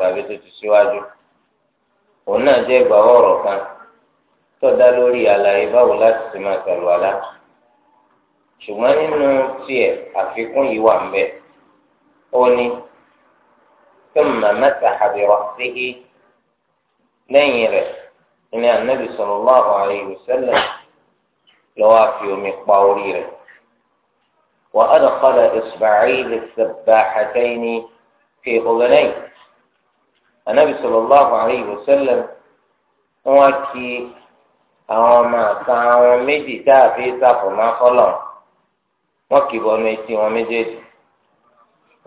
sàbí tó ti síwájú òun náà jẹ́ ìgbàwọ́ ọ̀rọ̀ kan tó dá lórí àlàyé báwo láti ti máa àlá ṣùgbọ́n nínú tiẹ̀ àfikún yìí wà ń bẹ̀ ó ní ثم مسح برأسه lẹ́yìn rẹ̀ ní anabi sallallahu alayhi wa sallam lọ́wọ́ àfi omi pa orí rẹ̀ wà á lè àjẹyìn ní fi في lẹyìn. anabi sallallahu alayhi wa sallam wọn kí àwọn ọmọ àta àwọn méjì dáàbí sàfọmọ afọlọ wọn kì bọnu etí wọn méjèèjì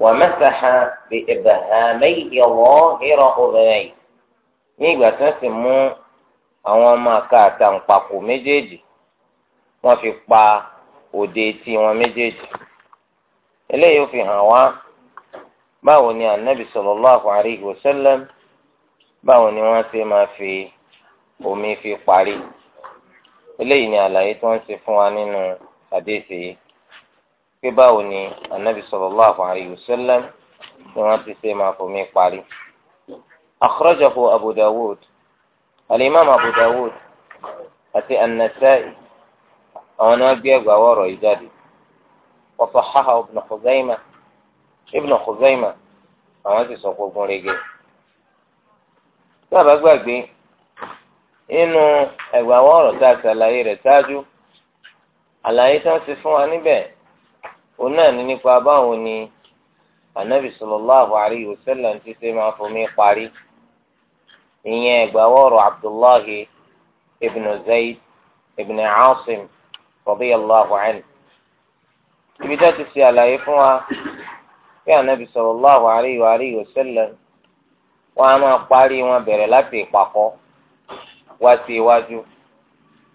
wọn mẹsàáhà bí ìbàhámẹyì ọwọ hírọ obìnrin ní ìgbà tí wọn sì mú àwọn ọmọ àka àtàǹpàkò méjèèjì wọn fi pa òde etí wọn méjèèjì eléyìí ó fi hàn wá báwo ni anabi sallallahu alayhi wa sallam báwo ni wọ́n ṣe máa fi omi fi parí eléyìí ni àlàyé tí wọ́n ṣe fún wa nínú àdéhìí yìí pé báwo ni anabi sallallahu alayhi wa sallam ni wọ́n ti ṣe máa fomi parí. akhrajahu abu alimami abu àti anasai àwọn ni wọ́n ẹgbàá wọ̀rọ̀ yìí jáde wa sahhahu ibn khuzaimah. Ibn Khuzaima àwọn ti sọ pé ogun rege tí a bá gbàgbé nínú ẹgbà àwọn ọ̀rọ̀ tá a ti àlàyé rẹ̀ ṣáájú àlàyé tí wọ́n ti fún wa níbẹ̀ òun náà ní nípa báwo ni anabi sallallahu alayhi wa sallam ti ṣe máa fomi parí ìyẹn ẹgbà àwọn abdullahi ibn zayd ibn asim radiyallahu anhu ibi tí wọ́n ti ṣe àlàyé fún wa kí ànábì sallallahu alaihi wa alihi wa sallam wọn á máa parí wọn bẹ̀rẹ̀ láti ìpàkọ́ wá sí iwájú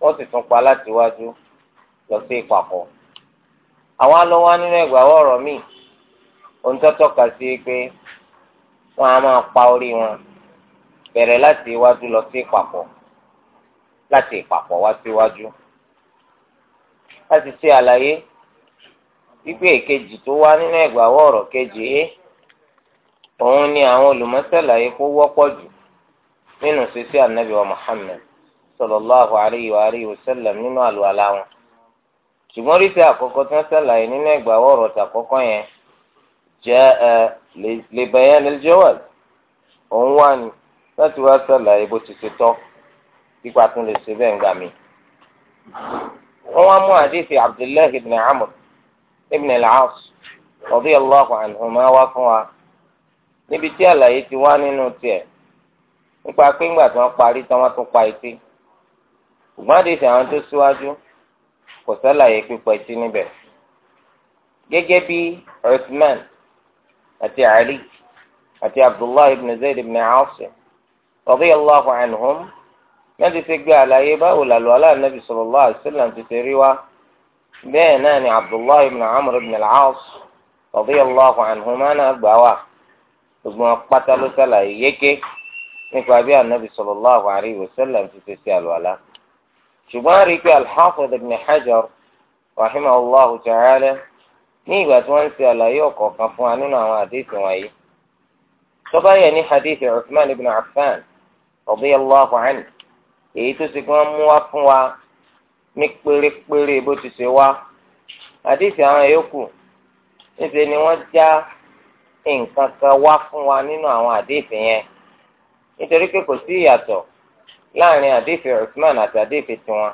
wọ́n sì tún pa láti iwájú lọ sí ìpàkọ́. àwọn alọ́wọ́ nínú ẹgbàá ọ̀rọ̀ míì ohun tó tọ́ka sí pé wọn á máa pa orí wọn bẹ̀rẹ̀ láti iwájú lọ sí ìpàkọ́ láti ìpàkọ́ wá síwájú. láti ṣe àlàyé wípé èkejì tó wá nínú ẹgbàáwọ ọ̀rọ̀ kejì é òun ni àwọn olùmọ̀sálàyé kó wọ́pọ̀ jù nínú sísí ànábì wa Muhammad sallallahu alayhi wa alayhi wa sallam nínú àlùwàlá wọn ṣùgbọ́n ríṣẹ àkọ́kọ́ tí wọ́n sàlàyé nínú ẹgbàáwọ ọ̀rọ̀ tàkọ́kọ́ yẹn jẹ ẹ lè bayan al-jawaz òun wà ní láti wá sàlàyé bó ti ṣe tọ́ pípa tún lè ṣe bẹ́ẹ̀ ń gbà mí. wọ́n wá mú àdéhìí Abdullahi ibn Amr ibn al-As radiyallahu anhuma wá fún wa níbi tí àlàyé ti wá nínú tiẹ̀ nípa pé ńgbà tí wọ́n parí tí wọ́n tún pa etí ṣùgbọ́n àdéhìí àwọn tó síwájú kò sálàyé pípa etí níbẹ̀ gẹ́gẹ́ bí Uthman àti Ali àti Abdullahi ibn Zayd ibn Asim radiyallahu anhum náà ti ṣe gbé àlàyé báwo làlọ́ aláàbí sallallahu alaihi wasallam ti ṣe rí wá. بينان عبد الله بن عمرو بن العاص رضي الله عنهما نبوا ثم قتلوا سلايك نكوا النبي صلى الله عليه وسلم في تسيال ولا شبارك الحافظ ابن حجر رحمه الله تعالى نيوة وانسي على يوكو قفواننا وحديث وي تبايني حديث عثمان بن عفان رضي الله عنه يتسكم إيه موفوا ní pérépéré bó ti ṣe wá àdìsí àwọn yòókù níṣẹ ni wọ́n já nǹkan kan wá fún wa nínú àwọn àdìsí yẹn nítorí pé kò sí ìyàtọ̀ láàrin àdìsí Usman àti àdìsí tiwọn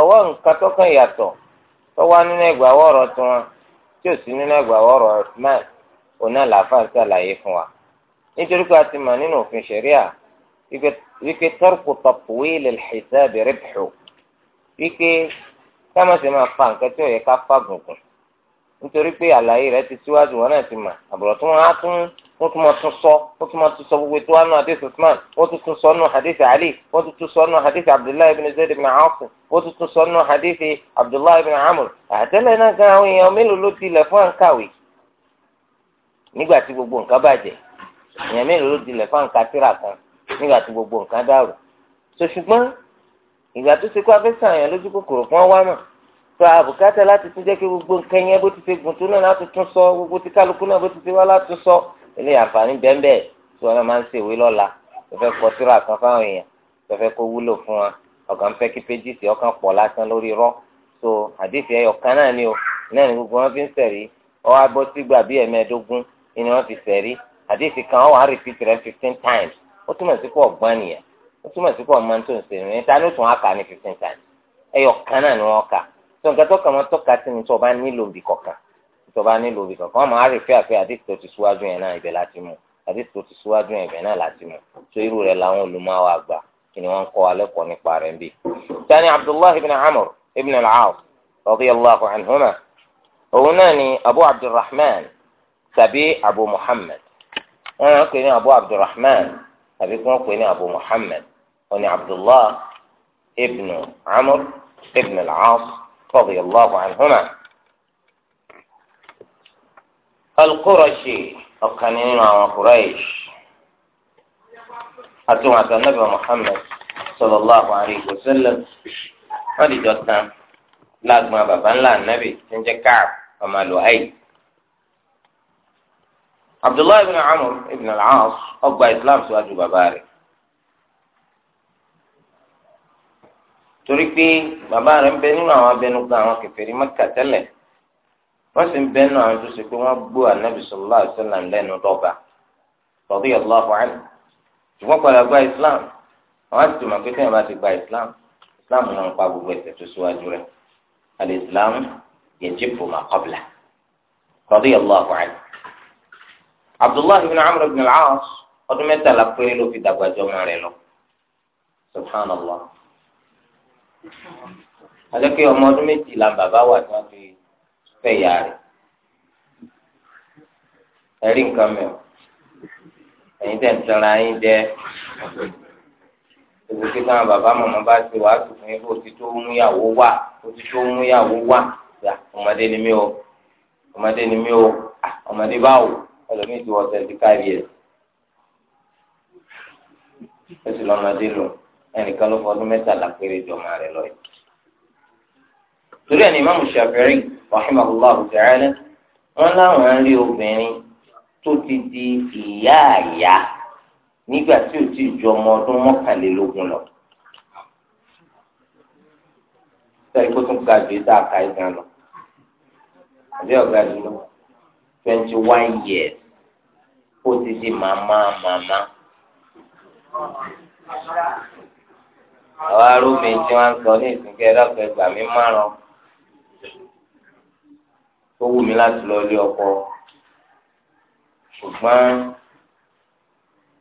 ọwọ́ nǹkan tó kàn yàtọ̀ tó wá nínú ẹgbàáwọ ọ̀rọ̀ tiwọn tí ò sí nínú ẹgbàáwọ ọ̀rọ̀ Usman òun làáfàá ṣàlàyé fún wa nítorí pé a ti mọ̀ nínú òfin ṣẹ̀ríà wípé tọ́rùkù tọ̀pù wípé kámọ̀sí máa fa nǹkan tí ò yẹ ká fàgùnkùn nítorí pé àlàyé rẹ ti síwájú wọn náà ti mà sọ sọ gbogbo tí nù Usman tún tún sọ nù Ali wọ́n tún tún sọ nù hadith Abdullahi ibn Zayd ibn Awf wọ́n tún tún sọ nù hadith Abdullahi ibn Amr àtẹ́lẹ̀ náà gan àwọn èèyàn mélòó ló tilẹ̀ fún àǹkàwé nígbà tí gbogbo nǹkan èèyàn mélòó ló fún àǹkàtìrà kan nígbà tí gbogbo nǹkan dàrú ìgbà tó ṣe kó afẹ́sẹ̀ àyàn lójú kòkòrò kan wá mà tó àbùkátà láti tún jẹ́ kí gbogbo nǹkan yẹn bó ti ṣe gùn tó náà láti tún sọ gbogbo tí kálukú náà bó ti ṣe wá láti sọ ilé àǹfààní bẹ́ẹ̀ tí wọn máa ń ṣèwé lọ́la tó fẹ́ kọ síra kan fáwọn èèyàn tó fẹ́ kó wúlò fún wa ọ̀gán fẹ́ kí péjì sí ọkàn pọ̀ lásán lórí rọ́ so àdéhùn ẹyọ kan náà ni o náà ni gbogbo wọn fi ń sẹ̀rí ọwọ́ abọ́ sígbà bíi ẹ̀mẹ́ẹ̀ẹ́dógún ni wọ́n fi sẹ̀rí àdéhùn kan wọ́n wà á repeat rẹ̀ fifteen times ó túmọ̀ sí pọ̀ ọ̀gbọ́n nìyẹn ó túmọ̀ sí pé ọmọ tó ń ṣe ìrìn ta ló tún á kà ní fifteen times ẹyọ kan náà ni wọ́n kà tó nǹkan tó kà wọ́n tọ́ka sí ni tó o bá nílò òbí kọ̀ọ̀kan tó o bá nílò òbí kọ̀ọ̀kan wọ́n máa rí fẹ́ àfẹ́ àdìsí tó ti síwájú yẹn náà ibẹ̀ láti mú àdìsí tó ti síwájú yẹn ibẹ̀ náà láti mú tó irú rẹ̀ làwọn olùmọ̀wá àgbà kí ni wọ́n kọ́ alẹ́ kọ́ nípa rẹ̀ bí. sani abdullahi ibn amr ibn al-aas radiyallahu anhuma òun abu abdulrahman tàbí abu muhammad wọn náà ń abu abdulrahman àbí kí wọ́n pè ní abu muhammed wọn ni abdullah ibnu amr ibnu al-aas radiyallahu anhuma al-qurashi ọ̀kan nínú àwọn quraish àtúwọn àti anabi muhammed sallallahu alayhi wa sallam wọn dìjọ tán lágbọn baba ńlá anabi tí ń jẹ káàb ọmọ lùhàyè. abdullahi ibn amr ibn al-aas ọgbà islam síwájú bàbá rẹ̀ torí pé bàbá rẹ̀ ń bẹ nínú àwọn abẹnugan àwọn kèfèrí mẹ́kà tẹ́lẹ̀ wọ́n sì ń bẹ nínú àwọn tó ṣe pé wọ́n gbó anabi sallallahu alaihi wasallam lẹ́nu dọ́gba radiyallahu anhu ṣùgbọ́n padà gba islam àwọn àti tòmọ̀ pé tẹ́yìn bá ti gba islam islam náà ń pa gbogbo ẹ̀ṣẹ̀ tó síwájú rẹ̀ al-islam yajibu ma qabla radiyallahu anhu abdullahi ibn amr ibn al-aas ọdún mẹ́tàlá péré ló fi dàgbà jọ ọmọ rẹ̀ lọ subhanallah aleke ọmọ ọdún méjìlá bàbá wà tí wọ́n fi fẹ́ ìyá rẹ̀ ẹ̀rí nǹkan mẹ o ẹ̀yin tẹ̀ ń tanra yín jẹ ìbùkún náà bàbá màmá bá ti wàá tù fún yín bó ti tó múyàwó wà bó ti tó múyàwó wà ọmọdé ni mí o ọmọdé ni mí o ọmọdé báwo ẹlòmíì ti wọ twenty five years ó sì lọ́mọdé lò ẹnìkan ló fọdún mẹ́tàlá péré jọmọ rẹ lọ yìí. torí ẹni Imam Shafi'i rahimahullahu ta'ala wọn láwọn á rí obìnrin tó ti di ìyá àyà nígbà tí ò ti ju ọmọ ọdún mọ́kànlélógún lọ. sọ ikú tún ga ju ìta àka ìgbà lọ àbí ọ̀gá jùlọ twenty one years ó ti di màmá màmá. àwọn arúgbìn tí wọ́n sọ ní ìsìnkẹ́ ẹ̀dọ́kọ̀ ẹgbà mi márùn tó wù mí láti lọ ilé ọkọ ṣùgbọ́n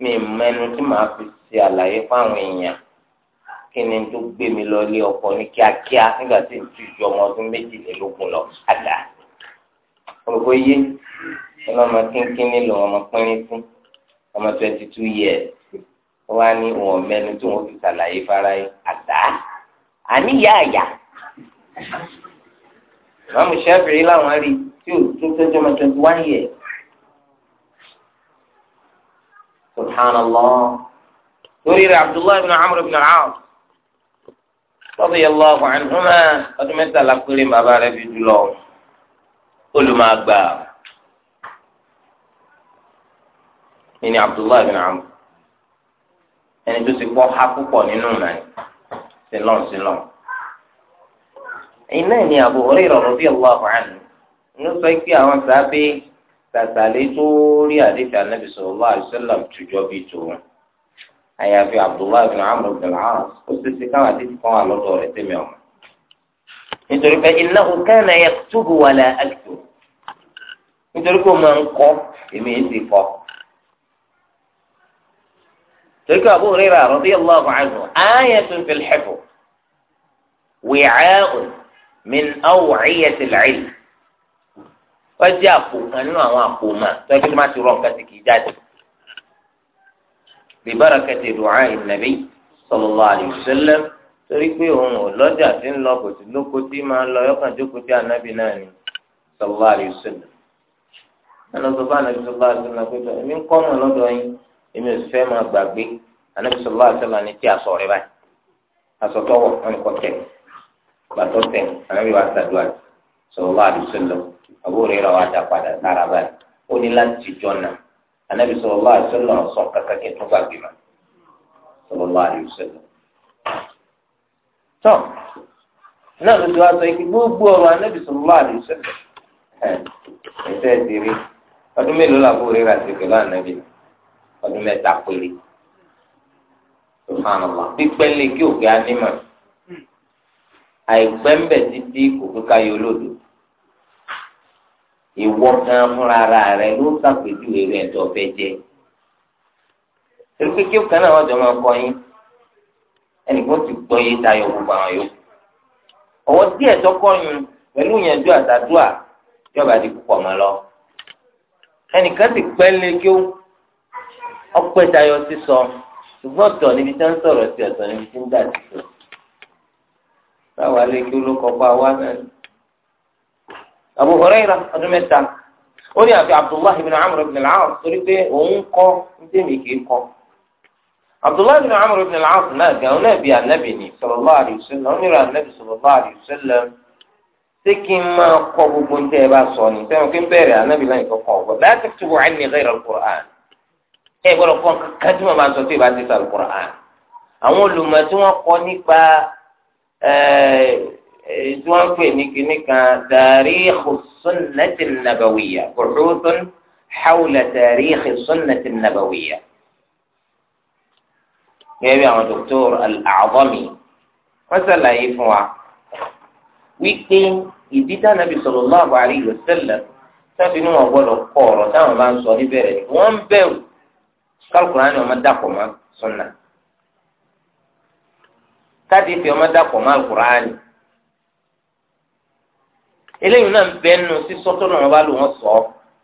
mi mẹ́nu tí màá fi ṣe àlàyé fáwọn èèyàn kí ni tó gbé mi lọ ilé ọkọ ní kíákíá nígbà tí n ti ju ọmọ ọdún méjìlélógún lọ àdáa olùkọ́ yé ọlọ́mọ kínkín nílò ọmọ pínrín ọmọ twenty two years wọ́n á ní wọn mẹ́nu tó wọ́n fi ṣàlàyé fara yìí àdá àníyá àyà màmú sẹ́fìrí làwọn rí tí o tún tọ́jú ọmọ twenty one years subhanallah torí rẹ̀ abdullahi bin amr bin al-aas radiyallahu anhuma ọdún mẹ́tàlá péré bàbá rẹ̀ fi jùlọ olùmọ̀gbà ìní abdullahi bin amr ẹni tó ti gbọ́ ha púpọ̀ nínú nàá sílọ̀n sílọ̀n iná ni Abu Hurairah radiyallahu anhu ló sọ pé àwọn sábẹ́ tàtàlẹ́ tó rí àdéhùn anábì sallallahu alaihi wasallam tùjọ́ bíi tòun àyàfi abdullahi bin amr bin al-aas ó sì ti káwọn àti ti kàn wà lọ́dọ̀ rẹ̀ tẹ́mi ọ̀mọ́ nítorí pé innahu kana yaktubu wala aktubu. nítorí kó máa ń kọ́ èmi ń ti kọ́. torí pé Abu Hurairah radiyallahu anhu ayatun fil hifz wi'a'un min aw'iyatil ilm wọ́n jẹ́ àpò kan nínú àwọn àpò mà tó ẹgbẹ́ tó máa ti rọ nǹkan tí kìí jáde. bi barakati du'a an-nabi sallallahu alayhi wa sallam torí pé òun ò lọ́jà tí ń lọ kò sí lóko tí máa ń lọ yọkàn jókòó tí ànábì náà ni sallallahu alayhi wa sallam. ẹnlọsọfọ anabi sọlá àtúnlá pẹ̀lú èmi ń kọ́ ọmọ lọ́dọ̀ yín èmi ò fẹ́ máa gbàgbé anabi sọlá àtúnlá ní tí aṣọ rẹ báyìí aṣọ tọwọ wọn kọ tẹ gbàtọ tẹ anabi wa sàdúrà sọlá àdùsọlọ àbúrò rẹ wà dá padà sára báyìí ó ní láti jọna anabi sọlá àtúnlá sọ kàkàkẹ tó gbàgbé ma sọlá àdùsọlọ. tọ́ náà ló wá sọ ikú gbogbo ọ̀rọ̀ anabi sọlá àdùsọlọ ẹ̀ ẹ̀ ọdún mélòó la rẹ rà sí pẹ̀lú ànábì ọdún mẹ́ta péré sọfànàlá pípẹ́ lè kí òkè ánímọ̀ àìpẹ́ ń bẹ̀ títí kò pé ká yọ olódò ìwọ kan fúnra rẹ ló ṣàpèjúwe rẹ tó fẹ́ jẹ erékèké kan náà wọ́n jọ máa kọ́ yín ẹnìkan ti gbọ́ yé tayọ gbogbo àwọn yòókù ọwọ́ díẹ̀ tọkọ yun pẹ̀lú ìyànjú àtàdúà yọba di púpọ̀ mọ́ lọ́wọ́ ẹnìkan ti pẹ́ lé kí ó ọpẹ́ tayọ sísọ ṣùgbọ́n ọ̀tọ̀ níbi tí wọ́n sọ̀rọ̀ sí ọ̀tọ̀ níbi tí ń dà sí sọ. báwa lè kí olókọ bá wa náà ni. Abu Hurairah ọdún mẹ́ta ó ní àfi Abdullahi bin Amr bin al-As torí pé òun kọ́ ndémi kì í kọ́. Abdullahi bin Amr bin al-As náà gan-an náà bí anabi ni sallallahu alaihi wasallam ṣé kí n máa kọ gbogbo níta ẹ bá sọ ni sẹ́wọ̀n kí n bẹ̀rẹ̀ anábì láyé kọ́kọ́ ọ̀gbọ́n láti tó wà ní ẹ̀rọ alukur'an ẹ gbọ́dọ̀ kọ́ kankan tí wọ́n máa sọ tí ì bá ti sọ alukur'an àwọn olùmọ̀ tí wọ́n kọ́ nípa tí wọ́n pè ní kíní kan tàríkù sunnati nabawiya kùrùtùn hawla tàríkù sunnati nabawiya gẹ́gẹ́ bí àwọn dòkítọ́r wípé ìdí tánàbí sallallahu alaihi wasallam sábì ní wọn gbọ́dọ̀ kọ ọ̀rọ̀ táwọn bá ń sọ níbẹ̀rẹ̀ ni wọn ń bẹ̀rù kálukùnrin ni wọn dàpọ̀ mọ́ sunna káàdì ìfẹ́ wọn dàpọ̀ mọ́ alukùnrin eléyìí náà ń bẹ nù sísọ tó náà wọn bá lò wọn sọ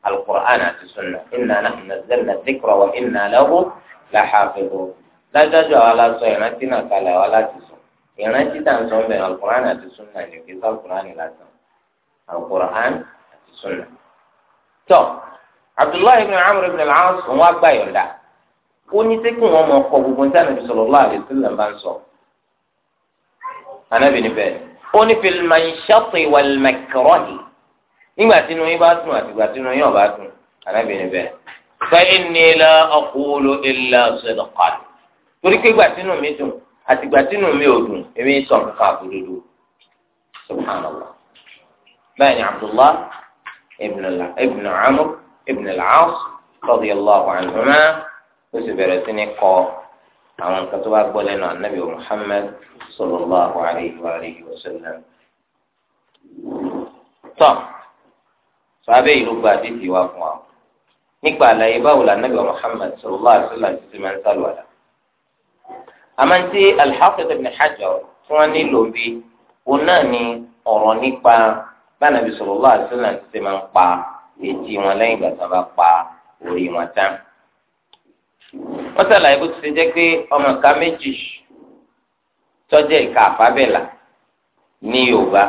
alukùnrin àti sunna inna nahnu nazzalna dhikra wa inna lahu lahafidhun lájọjọ àwọn aláṣọ ìrántí náà kalẹ̀ ìrántí tá à ń sọ ń bẹ̀rẹ̀ alukur'an àti sunna ni òkè sọ alukur'an lásán alukur'an àti sunna. tọ́ abdullahi ibn amr ibn al-aas ń wá gbà yọ̀ǹda ó ní sẹ́kùn wọn mọ̀ ọkọ̀ gbogbo níta nàbí sallallahu alaihi wasallam bá ń sọ. anábì ní bẹ́ẹ̀ ó ní fil manshati wal makrahi nígbà tí inú yín bá tún àti ìgbà tí inú yín ò bá tún anábì ní bẹ́ẹ̀ fa inni la aqulu illa sidqan torí àtìgbà tínú mi ò dùn èmi sọ nǹkan àbúrò subhana allah bẹẹni abdullah ibn amr ibn al-aas radiyallahu anhuma ó sì bẹ̀rẹ̀ sí ní kọ́ àwọn nǹkan tó bá gbọ́ lẹ́nu anabi muhammad sallallahu alayhi wa alayhi wa sallam. tọ́ sọ abẹ́ ìlú gba àdìsí wa fún wa nípa àlàyé báwo la anabi muhammad sallallahu alayhi wa sallam ti ti máa ń sálùwàlà. àmọ́ntí al-Hafiz ibn Hajar tí wọ́n nílò bí òun náà ni ọ̀rọ̀ nípa bánàbí sallallahu alaihi wasallam ti máa ń pa èjì wọn lẹ́yìn ìgbà tí wọ́n bá pa orí wọn tán. wọ́n sàlàyé bó ti ṣe jẹ́ pé ọmọ ìka méjì tọ́jẹ́ ìka àfábẹ́là ní Yorùbá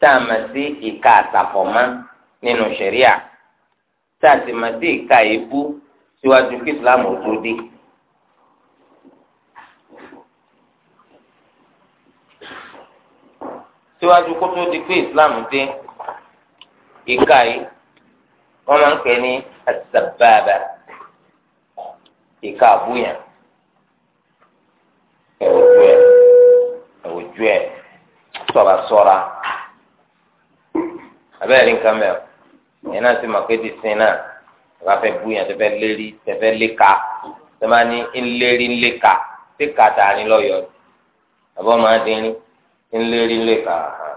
tá a mọ̀ sí ìka àtàfọ̀mọ́ nínú ṣẹ̀ríà tá a sì mọ̀ sí ìka èébú síwájú kí Islam ò tó dé. síwájú kó tó di pé islam dé ìka yìí wọ́n máa ń pè ní asababa ìka àbúyàn ẹwùjú ẹ ẹwùjú ẹ ṣọ́ra ṣọ́ra abẹ́rẹ́ nǹkan mẹ́rin ìyẹn náà sì mọ̀ pé ti sin náà ìwà fẹ́ búyàn tẹ́fẹ́ lérí tẹ́fẹ́ léka tẹ́fẹ́ ní ńlérí ńléka tíkà tààrin lọ́yọ̀ọ́ àbọ̀ máa dín ní. ńlérí ńlé kà hàn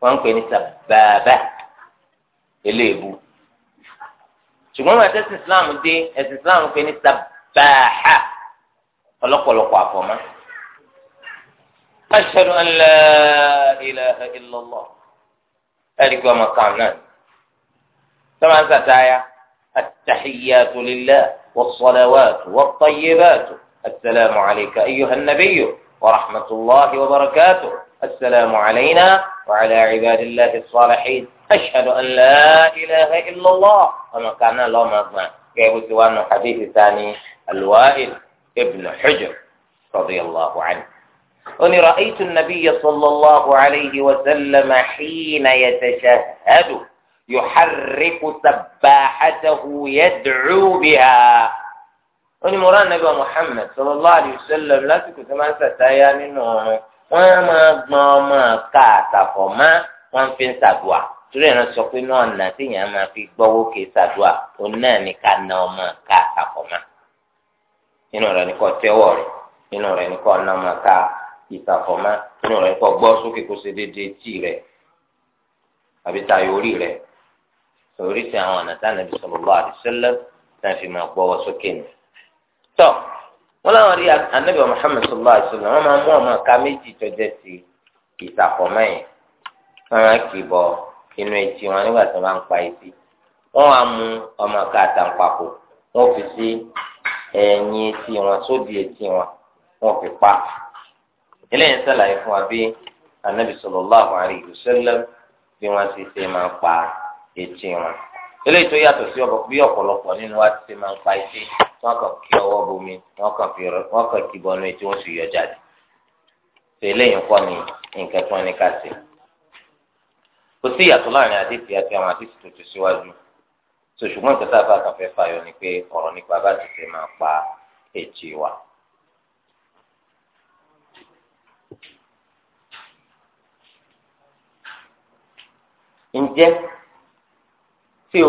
wọn ń pè ní sàbàbà eléèbú ṣùgbọ́n wọn àtẹ́sí islam dé ẹ̀sìn islam pè ní sàbàhà ọlọ́pọ̀lọpọ̀ àfọ̀mọ́. أشهد أن لا إله إلا الله ذلك وما قامنا كما ستايا التحيات لله والصلوات والطيبات السلام عليك أيها النبي ورحمة الله وبركاته السلام علينا وعلى عباد الله الصالحين أشهد أن لا إله إلا الله وما كان الله مغنى كيف سوان حديث ثاني الوائل ابن حجر رضي الله عنه أني رأيت النبي صلى الله عليه وسلم حين يتشهد يحرك سباحته يدعو بها wọn ni mo rán anabi muhammed sallallahu alayhi wa sallam lásìkò tó máa ń sàtáyà nínú ọrùn wọn á máa gbọn ọmọ ká àtàfọ má wọn fi ń ṣàdúà torí ẹ̀rọ sọ pé náà nà téèyàn máa fi gbọ́wọ́ ké ṣàdúà òun náà ní ká na ọmọ ká àtàfọ má nínú rẹ̀ ní kò tẹ́wọ́ rẹ̀ nínú rẹ̀ ní kò na ọmọ ká ìtàfọ má nínú rẹ̀ ní kò gbọ́ sókè kó ṣe déédéé tì rẹ̀ àbí tayọ orí rẹ̀ oríṣi àwọn ànàtà nàbì sallallahu alayhi wa sallam náà fi máa gbọ́wọ́ sókè nìyẹn. tọ́ wọn láwọn rí anabi muhammed sallallahu alayhi wa máa mú ọmọ ká méjì tọ́jẹ́ sí ìsàkọ́ mẹ́yìn wọ́n máa kì í bọ inú etí wọn nígbà tí wọ́n bá ń pa etí wọ́n wá mú ọmọ ká àtàǹpàkò fi sí wọn sódì wọn fi pa anabi alayhi bí ti ṣe máa pa wọn eléyìí tó sí bí wọn kàn kí ọwọ́ bomi wọn kàn wọn kí bọnú etí wọn sì yọ jáde tó ni nǹkan tí wọ́n ní ká ṣe kò sí ìyàtọ̀ láàrin àti àwọn tó ti síwájú tó ṣùgbọ́n ìtọ́ta bá fẹ́ fàyọ ni pé ọ̀rọ̀ nípa bá ti máa pa èjì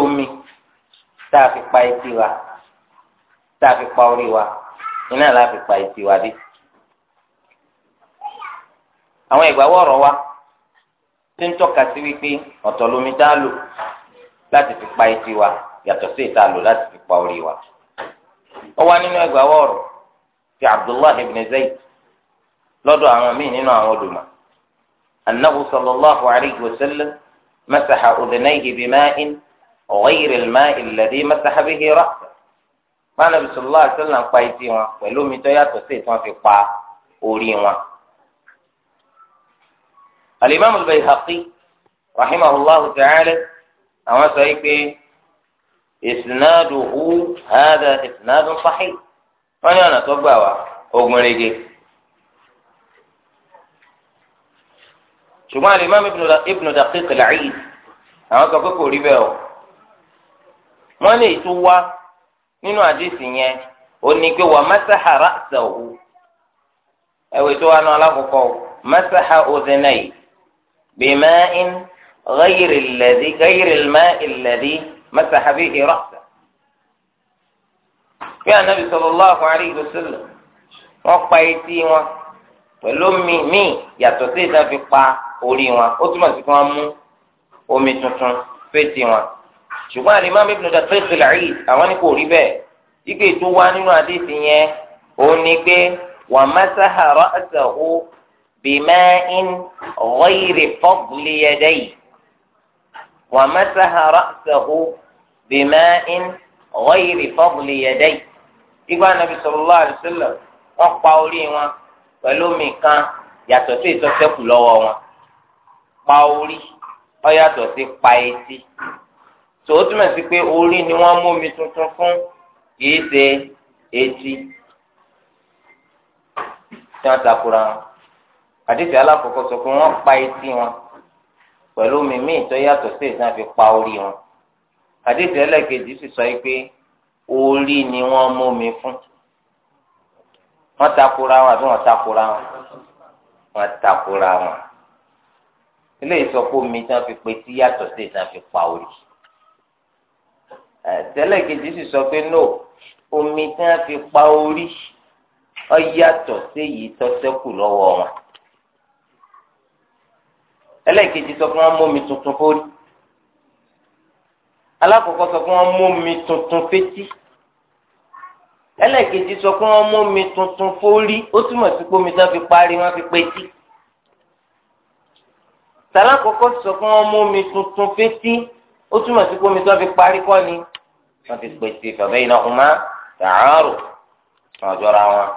omi tá a fi pa etí wa tá a fi pa orí wa iná la fi pa etí wa dé àwọn ìgbàwọ ọ̀rọ̀ wa ti ń tọ́ka sí wípé ọ̀tọ̀ lomi tá a lò láti fi pa etí wa yàtọ̀ sí ìta lò láti fi pa orí wa ó wá nínú ìgbàwọ ọ̀rọ̀ ti abdullahi ibn zayd lọ́dọ̀ àwọn míì nínú àwọn olùmọ̀ annahu sallallahu alayhi wa sallam masaha udunayhi bima'in ghayri al-ma'i alladhi masaha bihi báwọn ẹbí sọlá àtẹlẹ ń pa etí wọn pẹ̀lú omi tó yàtọ̀ sí ètò wọn fi pa orí wọn. alimami al-Bayhaqi rahimahullahu ta'ala àwọn sọ yìí pé isnaduhu hadha isnadun sahih wọn ní ọ̀nà tó gbà wá ogun rege. ṣùgbọ́n alimami ibnu Daqiq al-Eid àwọn sọ pé kò rí bẹ́ẹ̀ o wọ́n ní ìtú wá. nínú àdìsí yẹn ó ní pé wà mẹsàhà ráṣà òwú ẹwẹ tó wà nù alákòókò mẹsàhà òdìnnàyì bìmẹ́ in gáyìrì lẹ́dí gáyìrì mẹ́ ìlẹ́dí mẹsàhà bí ìrọ̀ṣà. bí anabi sallallahu alayhi wa sallam wọn pa etí wọn pẹ̀lú mi mi yàtọ̀ sí ìdá fi pa orí wọn ó túmọ̀ sí kí wọ́n mú omi tuntun tí wọn. ṣùgbọ́n alimam ibn Daqiq al-Eid àwọn ni kò rí bẹ́ẹ̀ igbe tó wá nínú àdéhùn yẹn òun ni pé wa masaha ra'sahu bima'in ghayri fadli yadayhi wa masaha ra'sahu bima'in ghayri fadli yadayhi igba anabi sallallahu alaihi wasallam wọ́n pa orí wọn pẹ̀lú omi kan yàtọ̀ sí ìtọ́sẹ́kù lọ́wọ́ wọn pa orí ọ sí pa etí tó o túmọ̀ sí pé orí ni wọ́n mú omi tuntun fún kìí ṣe etí tí wọ́n takora wọn àdìsí alákọ̀ọ́kọ́ sọ pé wọ́n pa etí wọn pẹ̀lú omi míì tó yàtọ̀ sí ìtàn fi pa orí wọn àdìsí ẹlẹ́kejì sì sọ pé orí ni wọ́n mú omi fún wọ́n takora wọn àbí wọ́n takora wọn wọ́n takora wọn ilé ìsọkó omi tí wọ́n fi pe tí yàtọ̀ sí ìtàn fi pa orí wọn tẹ́lẹ̀ kejì sì sọ pé no omi tí wọ́n fi pa orí ọ yàtọ̀ séyìí tó ṣẹ́kù lọ́wọ́ wọn ẹlẹ́ẹ̀kejì sọ pé wọ́n mú omi tuntun fórí alákọ̀ọ́kọ́ sọ pé wọ́n mú omi tuntun fétí ẹlẹ́ẹ̀kejì sọ pé wọ́n mú omi tuntun fórí ó túmọ̀ sí pé omi tí wọ́n fi parí wọ́n fi pétí tàlákọ̀ọ́kọ́ sọ pé wọ́n mú omi tuntun fétí ó túmọ̀ sí pé omi tí wọ́n fi parí kọ́ ni wọ́n ti pèsè fàbẹ́ iná kuma tààrù wọ́n jọra wọn.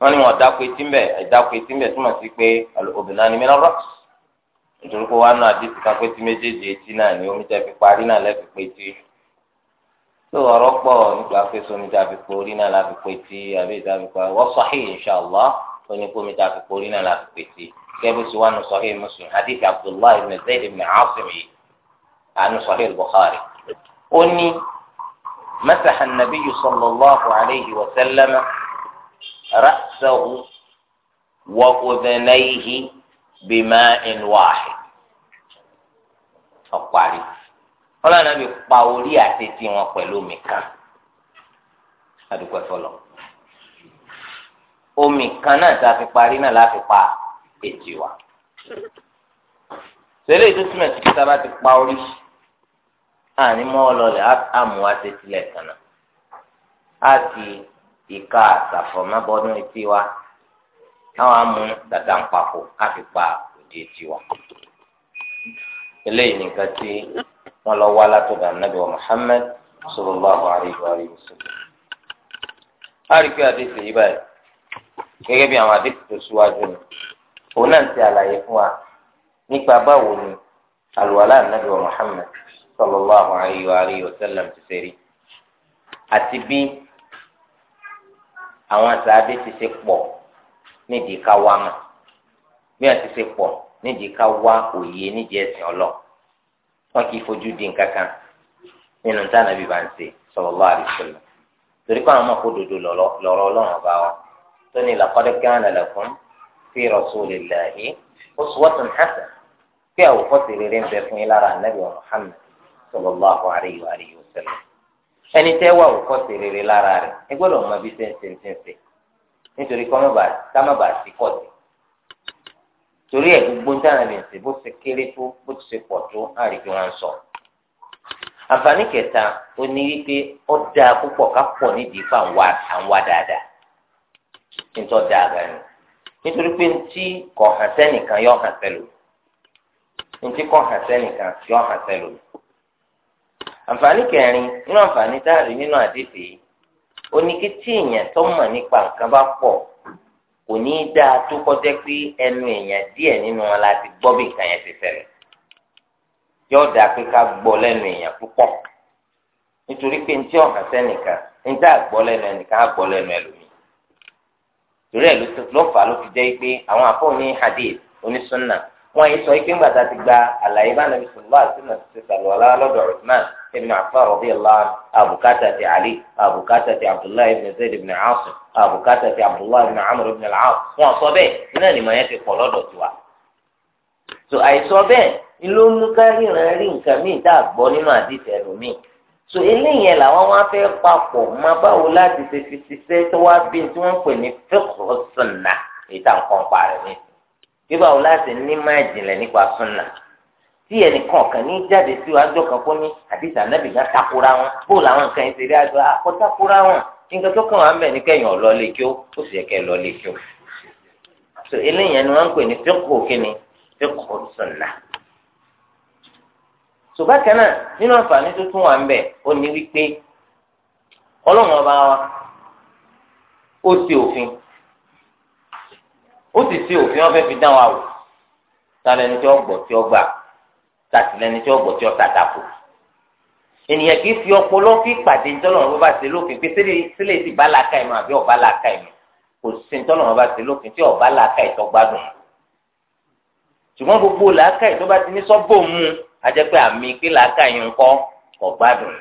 wọ́n ní wọn dáko etí mbẹ́ ẹ̀dáko etí mbẹ́ túmọ̀ sí pé obìnrin ni mìíràn rọ́ọ̀sì nítorí pé wọ́n á nù àdìsí kan pé tí méjèèjì etí náà ni omi tẹ́ fi parí náà lẹ́fi pé tí tó ọ̀rọ̀ pọ̀ nípa pé sómi tá a fi pé orí náà la fi pé tí àbí ìta fi pa wọ́n sọ́hí inṣàlá ó ní kómi tá a fi pé orí náà la fi pé tí kẹ́bí sùwọ́n sọ́hí Muslim àdìsí àánú sọ̀rọ̀ al-Bukhari ó ní masaha nabiyu sallallahu alayhi wa sallam ra'sahu wa udhnayhi bima'in wahid ọ̀parí ọlọ́run náà fi pa orí àti etí wọn pẹ̀lú omi kan adùpẹ́ fọlọ́ omi kan náà tá a fi parí náà láti pa èjì wa sẹ́lẹ̀ tó túmọ̀ sí kí sábà ti pa orí sí àní mọ́ ọlọ́lẹ̀ àmú àtẹ̀tìlẹ̀ kànáà á ti ìka àtàfọ̀mọ́bọ́dún etí wa táwọn amú dàda ń papò á fi pa òde etí wa. eléyìí nìkan tí wọ́n lọ wá látọ̀dọ̀ ànábì wa Muhammad sallallahu alayhi wa sallam. a àdéhùn yìí báyìí gẹ́gẹ́ bí àwọn àdéhùn tó síwájú ni òun náà ti àlàyé fún wa nípa báwo ni àlùwalá ànábì wa Muhammad sallallahu alayhi wa alihi wa sallam ti ṣe rí àti bí àwọn sàádé ti ṣe pọ̀ nídìí ká wá mà bí wọn ti ṣe pọ̀ nídìí ká wá òye nídìí ẹ̀sìn ọlọ wọn kì í fojú di nǹkan kan nínú tí ànábì bá ń ṣe sallallahu alayhi wa sallam torí pé àwọn ọmọkò dodo lọ́rọ̀ Ọlọ́run ọba wa tó ní laqad kana lakum fi rasulillahi uswatun hasanah pé àwòkọ́ṣe rere ń bẹ fún yín lára ànábì wa Muhammad. sallallahu alaihi wa alihi ẹni tẹ́ wà òkọ́ sí rere lára rẹ̀ ẹ gbọ́dọ̀ mọ bí ṣe ń ṣe ń ṣe ń ṣe sí kọ́ọ̀tì torí ẹ̀ gbogbo dáhùn bó kéré tó bó ṣe pọ̀ tó sọ. àǹfààní kẹta ó àǹfààní kẹrin nínú àǹfààní dáàrí nínú àdéhùn yìí oníkí èèyàn tó mọ̀ nípa nǹkan bá pọ̀ kò ní í dáa tó kọjá pé ẹnu èèyàn díẹ̀ nínú wọn láti gbọ́ bí nǹkan yẹn ti ṣẹlẹ̀ yóò dáa pé ká lẹ́nu èèyàn púpọ̀ nítorí pé ní tí sẹ́nìkan ní lẹ́nu ẹnìkan lẹ́nu ẹlòmíì torí ló fà á ló fi jẹ́ pé àwọn ní wọn yìí sọ pé gbàtà ti gba àlàyé bá nàbí sọlá àtúnà ti sàlùwàlá lọ́dọ̀ Uthman ibn Affan radiyallahu abukata ti Ali abukata ti Abdullahi ibn Zayd ibn Asim abukata ti Abdullahi ibn Amr ibn al-As wọn sọ bẹ́ẹ̀ iná ni màá yẹn ti pọ̀ lọ́dọ̀ tiwa. so àìsọ bẹ́ẹ̀ ló mú kárí ìran rí nǹkan míì tá a gbọ́ nínú àdìsẹ ẹlòmíì so eléyìí làwọn wá fẹ́ papọ̀ má báwo láti ṣe fi ṣiṣẹ́ tó wá bí tí wọ́n pè ní fiqh sunnah èyí tá à parẹ́ nísìnyí nígbà wo láti ní máa jìnlẹ̀ nípa súnà tí ẹnìkan kan ní jáde sí wàá jọ kan kó ní àdìsí ànábì náà takora wọn bó làwọn nǹkan yìí ṣeré àjọ àkọ ah, takora wọn nǹkan tó kàn wọn bẹ ní kẹyìn ọlọlẹ kí ó ó sì yẹ kẹ lọlẹ kí ó. so eléyìí ni wọn ń pè ní fíkò kíni fíkò súnà. so bákan náà nínú àǹfààní tó tún wà ń bẹ ó ní wípé ọlọ́run ọba wa ó ti òfin ó sì ṣe òfin ọ̀fẹ́ fi dán wa wò tàlẹ́ni tí ó gbọ́ tí ó gbà tàtìlẹ́ni tí ó gbọ́ tí ó tàtàkù ènìyàn kì í fi ọpọlọ fi pàdé ntọ́lọ́run bó bá ṣe lófin pé sílẹ̀ sì bá làákà ìmọ̀ àbí ọ̀bá làákà ìmọ̀ kò sí ntọ́lọ́run bá ṣe lófin tí ọ̀bá làákà ìtọ́gbádùn ṣùgbọ́n gbogbo làákà ìtọ́ bá ti ní sọ́gbó mu ajẹ́pẹ́ àmì pé làákà yìí ń kọ́ ọ̀gbádùn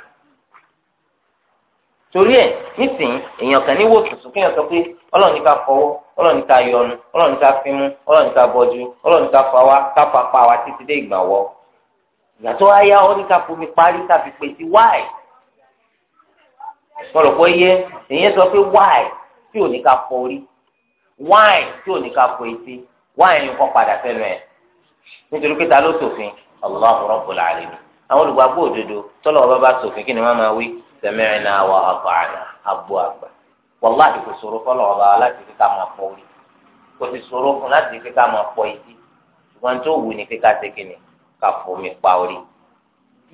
torí ẹ̀ nísìnyí èèyàn kàn ní wò tuntun kéèyàn sọ pé ọlọ́run ní ká fọwọ́ ọlọ́run ká yọnu ọlọ́run ká fimú ọlọ́run ká bọ́jú ọlọ́run ká fawá ká fapá wa títí dé ìgbàwọ́ ìgbà tó wáyá ó ní ká fomi parí ká fi pèsè wáì wọn rò pé yé sọ pé wáì tí ò ní ká fọ orí wáì tí ò ní ká fọ etí wáì ni padà fẹnu ẹ nítorí pé ta ló àwọn olùgbàgbọ́ òdodo tọ́lọ̀ ọba bá kí ni wọ́n máa wí wàláhì kò ṣòro fọlọ ọba láti fi ká máa pọ orí kò sì ṣòro fún láti fi ká máa pọ ìdí ṣùgbọ́n tó wù ní kíkà tẹkẹ ni ká fomi pa orí.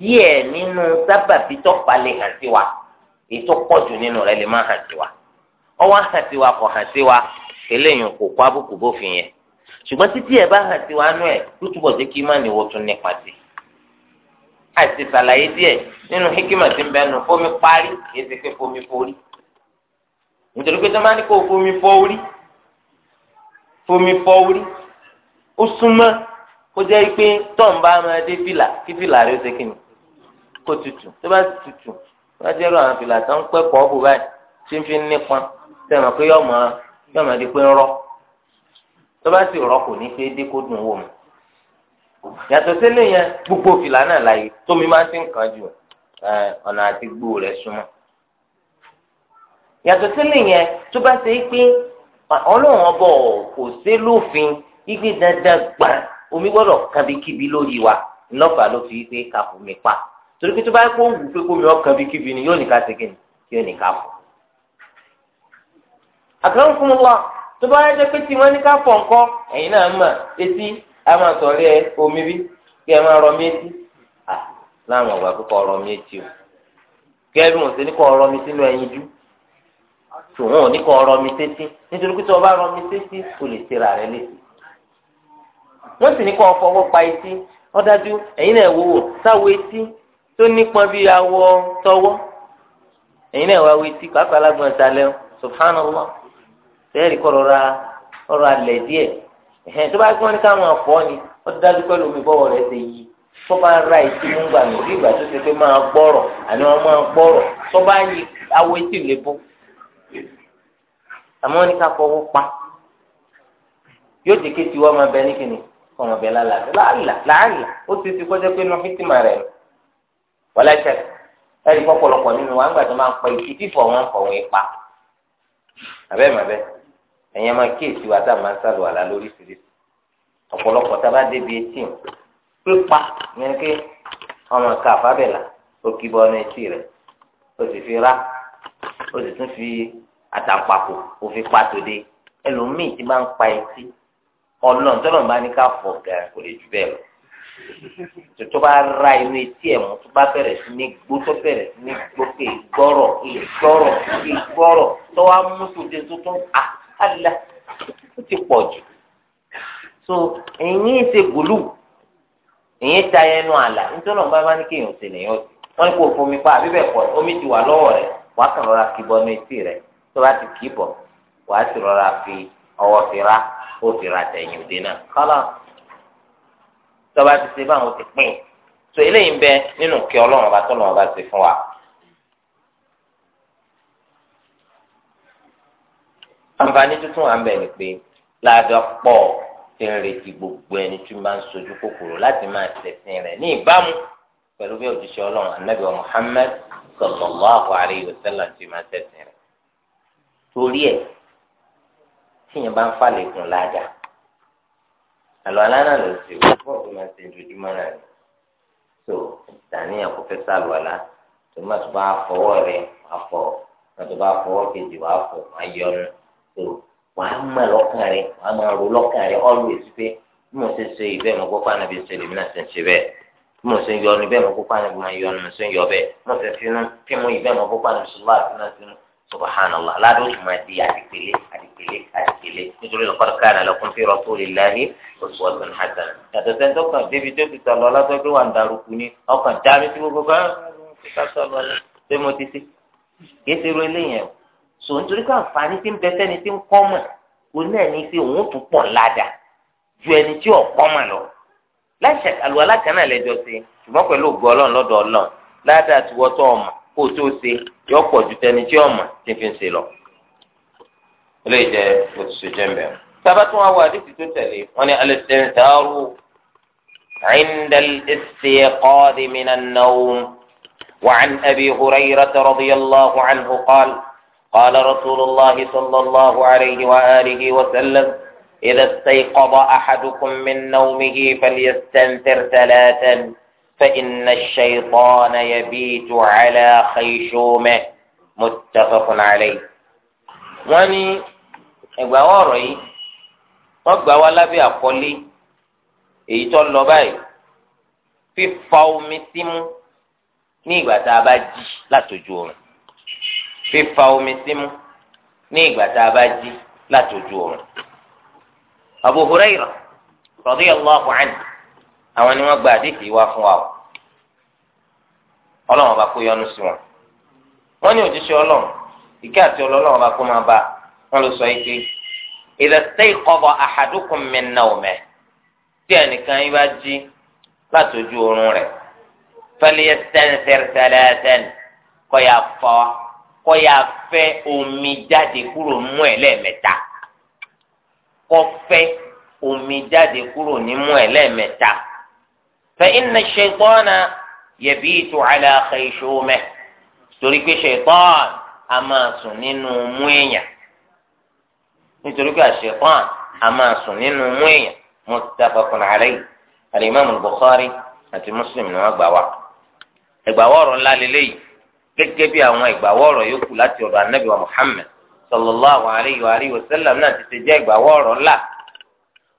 díẹ̀ nínú sábàbí hàn sí wa èyí tó pọ̀ jù nínú rẹ̀ lè má hàn sí wa ọwọ́ hàn sí wa kò hàn sí wa eléyìí kò kó bófin yẹn ṣùgbọ́n títí ẹ̀ bá hàn wa nú ẹ̀ ló túbọ̀ sí kí i hikima ń nítorí pé tọ́mání kò fomi fọ orí fomi fọ orí ó súnmọ́ kó jẹ́ pé tọ́n bá máa dé fìlà kí fìlà rẹ̀ ó ṣe kíni kó tutù tó bá tutù wọ́n jẹ́ lọ́wọ́ àwọn fìlà tó ń pẹ́ pọ̀ bù báyìí tí ń fi nípọn sẹ́wọ̀n pé yọ̀ọ́ máa yọ̀ọ́ máa di pé ń rọ́ tó bá sì rọ́ kò ní pé dé kó dùn wò mọ́ yàtọ̀ sílẹ̀ yẹn gbogbo fìlà náà láàyè tómi máa ti ń kàn jù ọ̀nà àti gbòò rẹ̀ súnmọ́ yàtọ̀ sílẹ̀ yẹn tó bá ṣe é pé ọlọ́run ọbọ̀ kò sí lófin igi dandan gbà omi gbọ́dọ̀ kábíkíbi lórí wa lọ́fà ló fi pé mi pa torí pé tó bá kó wù pé kó mi kábíkíbi ni yóò ní ká segin yóò ní ká fọ. àkàrà fún wa tó bá yẹ pé tí wọ́n ní ká fọ̀ nǹkan ẹ̀yin náà etí a máa o kí ẹ bí mo ṣe ní tòun ò ní kọ́ ọ̀rọ̀ mi sétí nítorí pé tí wọ́n bá rọ mi sétí o lè tẹ̀ra rẹ létí. wọ́n sì ní kọ́ ọfọwọ́ pa etí wọ́n dájú ẹ̀yin náà wò wò sáwo etí tó nípọn bí awọ tọwọ́ ẹ̀yin náà wá wo etí pàápàá alágbọ̀n ìsàlẹ̀ subhanallah sẹ́ẹ̀rì kọ́ rọra ọ̀rọ̀ alẹ̀ díẹ̀ ẹ̀hẹ́n tó bá gbọ́n ní káwọn afọ́ ni wọ́n ti dájú pẹ́lú omi bọ́wọ́ rẹ̀ ṣe yí tó bá ra etí mú gbà bí ìgbà tó ṣe pé máa gbọ́rọ̀ àní wọ́n máa gbọ́rọ̀ tó bá yí awọ etí lè bọ́ àmọ́ ní ká fọwọ́ pa yóò jẹ́ kí tiwọ́ máa bẹ ní kíni kọ́ máa bẹ lálẹ́ àti láàlà láàlà ó ti ti kọjá pé náà fìtìmà rẹ̀ wọlé ṣẹ ẹ̀rí pọ̀pọ̀lọpọ̀ nínú wa ńgbà tó máa ń pa ìdí fífọ̀ wọn fọ̀ wọn pa àbẹ́ màbẹ́ ẹ̀yẹn máa kíyèsí wa tá a máa ń sálò àlá lórí ìṣirí ọ̀pọ̀lọpọ̀ tá a bá débi etí pípa yẹn ké ọmọ ká àfábẹ́là ó kí bọ́ ọ́nà àtàǹpàkò òfin pàtòdé ẹlòmíì ti máa ń pa etí ọlọ́run tọ́lọ̀ bá ní ká fọ̀ gan kò lè jù bẹ́ẹ̀ lọ tòtò bá ra inú etí ẹ̀ mú tó bá bẹ̀rẹ̀ sí ní gbó tó bẹ̀rẹ̀ sí ní gbó pé gbọ́rọ̀ gbọ́rọ̀ gbọ́rọ̀ tó wá mú tòde tó tún à àlá ó ti pọ̀ jù so ẹ̀yin ṣe gòlù ẹ̀yin ta ẹnu àlà nítorí ọ̀nà bá ní kéèyàn ṣe nìyẹn wọ́n ní kó o fomi pa àbí bẹ́ẹ̀ pọ̀ omi ti wà lọ́wọ́ rẹ̀ wàá kàn rọra kìbọnú etí rẹ̀ tó bá ti kì í bọ̀ wàá sì rọra fi ọwọ́ fi ra ó fi ra tẹ̀yìn òde náà kọ́lá tó bá ti ṣe báwọn ti pín so eléyìí ń bẹ nínú kí ọlọ́run ọba tó lọ́wọ́ bá ṣe fún wa. àǹfààní tuntun à ń bẹ̀ ni pé láàdọ́ pọ̀ ti ń retí gbogbo ẹni tí máa ń sojú kòkòrò láti máa tẹ̀sìn rẹ̀ ní ìbámu pẹ̀lú bí òjíṣẹ́ ọlọ́run anábìọ́ Muhammad sallallahu alayhi wa sallam ti máa tẹ̀sìn rẹ̀ torí ẹ̀ tíyẹn bá ń falẹ̀kùn láàjà àlọ́ alánà ló sì wọ́n pọ̀ tó máa ṣe ojoojúmọ́ náà ni so dàníyàn kò fẹ́ sálù àlá tó má tó bá fọwọ́ rẹ wàá fọ má tó bá fọwọ́ kejì wàá fọ wàá yọnu so wàá mọ̀ lọ́kàn rẹ wàá máa ro lọ́kàn rẹ always pé bí mo ṣe ṣe ìbẹ́ mo gbọ́ pàánà bí ṣe lèmi náà ṣe ń ṣe bẹ́ẹ̀ bí mo ṣe ń yọnu bẹ́ẹ̀ mo gbọ́ pàánà bí mo ṣe ń yọ bẹ́ẹ̀ mo ṣe finú kí mo ìbẹ́ mo gbọ́ pàánà bí ṣe ṣe ń subhanallah aládùn tó máa di àdìpélé àdìpélé àdìpélé nítorí lọ́kọ́dọ̀ káàdà lọ́kùn fi rasulillahi uswatun hasana. yàtọ̀ sẹ́ńtọ́ kan débi tó ti sọ̀rọ̀ ọlọ́tọ́ pé wà ń darúkú ni ọkàn jáde tí gbogbo bá ń sọ̀rọ̀ pé mo ti ṣe kí ẹsẹ̀ ro eléyẹn o. sò ń torí káà fani tí ń bẹ sẹ́ni tí ń kọ́ mọ̀ o náà ní pé òun tún pọ̀ ládà ju ẹni tí ò kọ́ mọ̀ lọ. láṣẹ àlùwalá kan náà lẹ́jọ́ sí ṣùgbọ́n pẹ̀lú ògbọ́ ọlọ́run lọ́dọ̀ ọlọ́run ládàá tiwọ́tọ̀ ọmọ kó o tó ṣe yọ pọ̀ ju tẹni tí ọmọ ti fi ń ṣe lọ. ilé ìjẹ òṣìṣẹ jẹmbẹ. sábà tún wá wá àdìsí tó tẹ̀lé wọn ni alẹ́sẹ̀ntàrú ìndẹ́lẹ́sẹ̀kọ́ọ́dì mìíràn náà وعن أبي هريرة رضي الله عنه قال قال رسول الله صلى الله عليه وآله وسلم إذا استيقظ أحدكم من نومه فليستنثر ثلاثا فإن الشيطان يبيت على خيشومه متفق عليه wọ́n ní ẹgbà ọ̀rọ̀ yìí wọ́n gbà wá lábẹ́ àkọlé èyí tó lọ báyìí fífa omi símú ní ìgbà tá a bá jí látòjú oorun fífa omi símú ní ìgbà tá a bá jí látòjú oorun Abu Hurairah radiyallahu anhu àwọn ni wọ́n gba àdéhìí wá fún wa o ọlọ́run ọba kó yọ́nú sí wọn wọ́n ní òjíṣẹ́ ọlọ́run ìkẹ́ àti ọlọ́run ọba kó máa bá wọn lọ sọ yìí pé idha stayqadha ahadukum min nawmihi tí ẹnìkan yín bá jí láti ojú oorun rẹ̀ falyastanthir thalathan kó yá fọ́ kó omi jáde kúrò mú ẹ̀ lẹ́ẹ̀mẹ́ta kó omi jáde kúrò nímú ẹ̀ lẹ́ẹ̀mẹ́ta. فإن الشيطان يبيت على خيشومه torí pé ṣètọ́n a máa sùn nínú mú èèyàn nítorí pé ṣètọ́n a máa sùn nínú mú èèyàn muttafaqun alayhi alimami bukhari àti muslim ni wọ́n gbà wá ẹgbàwọ́rọ̀ ńlá lélẹ́yìí gẹ́gẹ́ bí àwọn ẹgbàwọ́rọ̀ yòókù láti ọ̀dọ̀ anabi wa muhammed sallallahu alayhi wa alihi wa sallam náà ti ṣe jẹ́ ẹgbàwọ́rọ̀ ńlá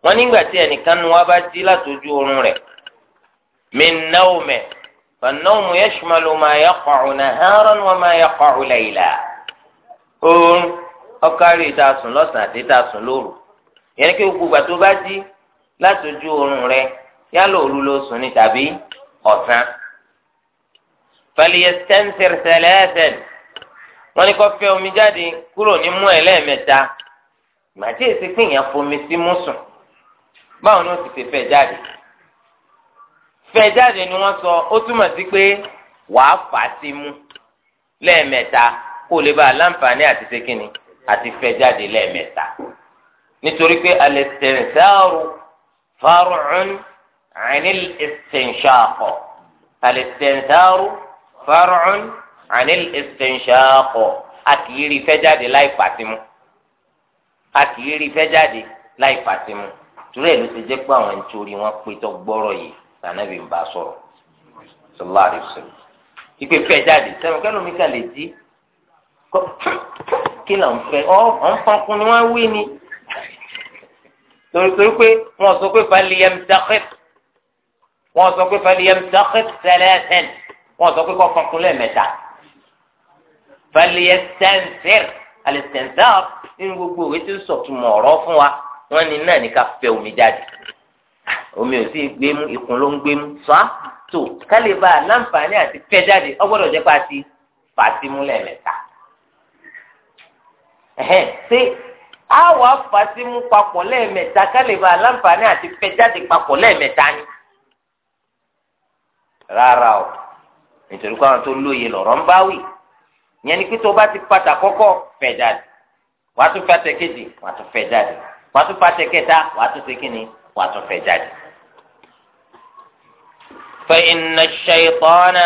wọn nígbà tí ẹnìkan nu wa bá jí látọjú oorun rẹ̀ من نومه فالنوم يشمل ما يقع نهارا وما يقع ليلا oorun ọkàrí ìtasùn lọ́sàn àti ìtasùn lóru yẹn kí gbogbo àti ọba jí láti ojú oorun rẹ yálà òru ló sùn ní فليستنثر ثلاثا wọ́n ní kó fẹ́ omi jáde kúrò ní mú ẹ̀ lẹ́ẹ̀mẹ́ta màtí èsì pé èèyàn fomi sí mú fẹ́ jáde ni wọ́n sọ ó túmọ̀ sí pé wàá fà á sí mú lẹ́ẹ̀mẹ́ta kó o lè bá a láǹfààní àti sékìnì àti fẹ́ jáde lẹ́ẹ̀mẹ́ta nítorí pé al-istinsaru far'un 'an al-istinshaq al-istinsaru far'un 'an a kì í rí fẹ́ jáde láì fàtímú a kì í rí fẹ́ jáde láì fàtímú torí ẹ̀ ló ti jẹ́ pé àwọn ẹni torí wọn pé tó gbọ́rọ̀ yìí lànàbì ń bá sọ̀rọ̀ sọlá rẹ sọ̀rọ̀ ìpè fẹ́ jáde sẹ́wọ̀n kẹ́lò mi kà lè jí kí là ń fẹ́ ọ́ ń fọkùn ni wọ́n wí ni torítorí pé wọ́n sọ pé faliyam sakit wọ́n sọ pé faliyam sakit sẹlẹsẹn wọ́n sọ pé kọ́ fọkùn lẹ́ẹ̀mẹ́ta faliyam sẹnsẹr alẹ nínú gbogbo òwe tí ń sọ̀tún mọ̀ ọ̀rọ̀ fún wa wọ́n ní náà ní ká fẹ́ omi jáde omi ò sí gbé mú ikùn ló ń gbé mú sọ á tó kálíbà láǹfààní àti fẹ́ jáde ọgbọ́dọ̀ jẹ́ pàtí fàtímú lẹ́ẹ̀mẹ́ta ṣé àwọ̀ fàtímú papọ̀ lẹ́ẹ̀mẹ́ta kálíbà láǹfààní àti fẹ́ jáde papọ̀ lẹ́ẹ̀mẹ́ta ni rárá o nítorí pé àwọn tó lóye lọ̀rọ̀ ń bá wì yẹn ni pé tó bá ti pata kọ́kọ́ fẹ́ jáde wàá tún fẹ́ tẹ kejì wàá tún fẹ́ jáde wàá tún fẹ́ tẹ kẹta wàá tún ṣe kíni wàá tún fẹ́ jáde. فإن الشيطان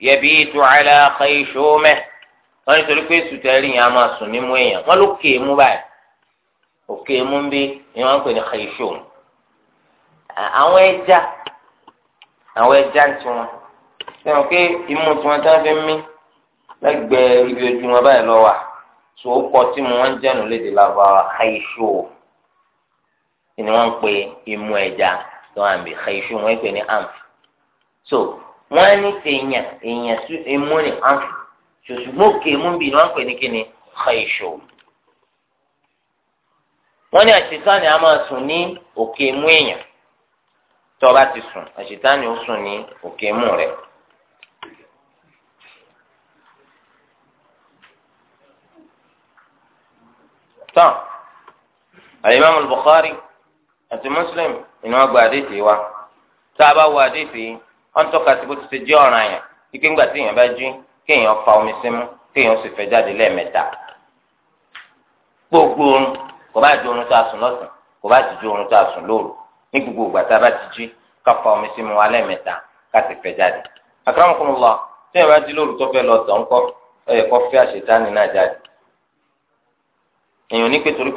يبيت على خيشومه wọ́n nítorí pé sùtẹ́rì yẹn a máa sùn nímú èèyàn wọ́n ló kéé mú báyìí òkè mú bí ni wọ́n ń pè ní khayshum àwọn ẹja àwọn ẹja ń tiwọn sẹ́wọ̀n pé imú tiwọn tí wọ́n fi ń mí lẹ́gbẹ̀ẹ́ ibi ojú wọn báyìí lọ́wọ́ tó o kọ tí mo wọ́n ń jẹ́nu léde lábára khayshum ni wọ́n ń pè imú ẹja tó wà ń bì khayshum wọ́n ń pè ní amf so wọ́n ní tèèyàn èèyàn emú ni wọ́n fi ṣòṣùgbọ́n òkè emú bì ni wọ́n pè ní kíni xeyṣo wọ́n ní àṣetánì a máa sùn ní òkè emú èèyàn tó ti sùn àṣetánì ó sùn ní òkè emú rẹ̀. tán alimami Bukhari àti Muslim ni wọ́n gba àdéhìí wa tá a bá wo àdéhìí. wọn tọ́ka sí ti ṣe jẹ́ ọ̀ràn yẹn ike ńgbà tí èèyàn bá jí kéèyàn fa omi símú kéèyàn sì fẹ́ jáde lẹ́ẹ̀mẹ́ta gbogbo oorun kò bá ju oorun tó a sùn lọ́sàn kò bá ti ju bá ti jí ká fa omi wa lẹ́ẹ̀mẹ́ta ká sì fẹ́ jáde akramakumullah tí èèyàn bá jí lóru tó fẹ́ lọ tọ̀ fẹ́ náà jáde èèyàn ní pé torí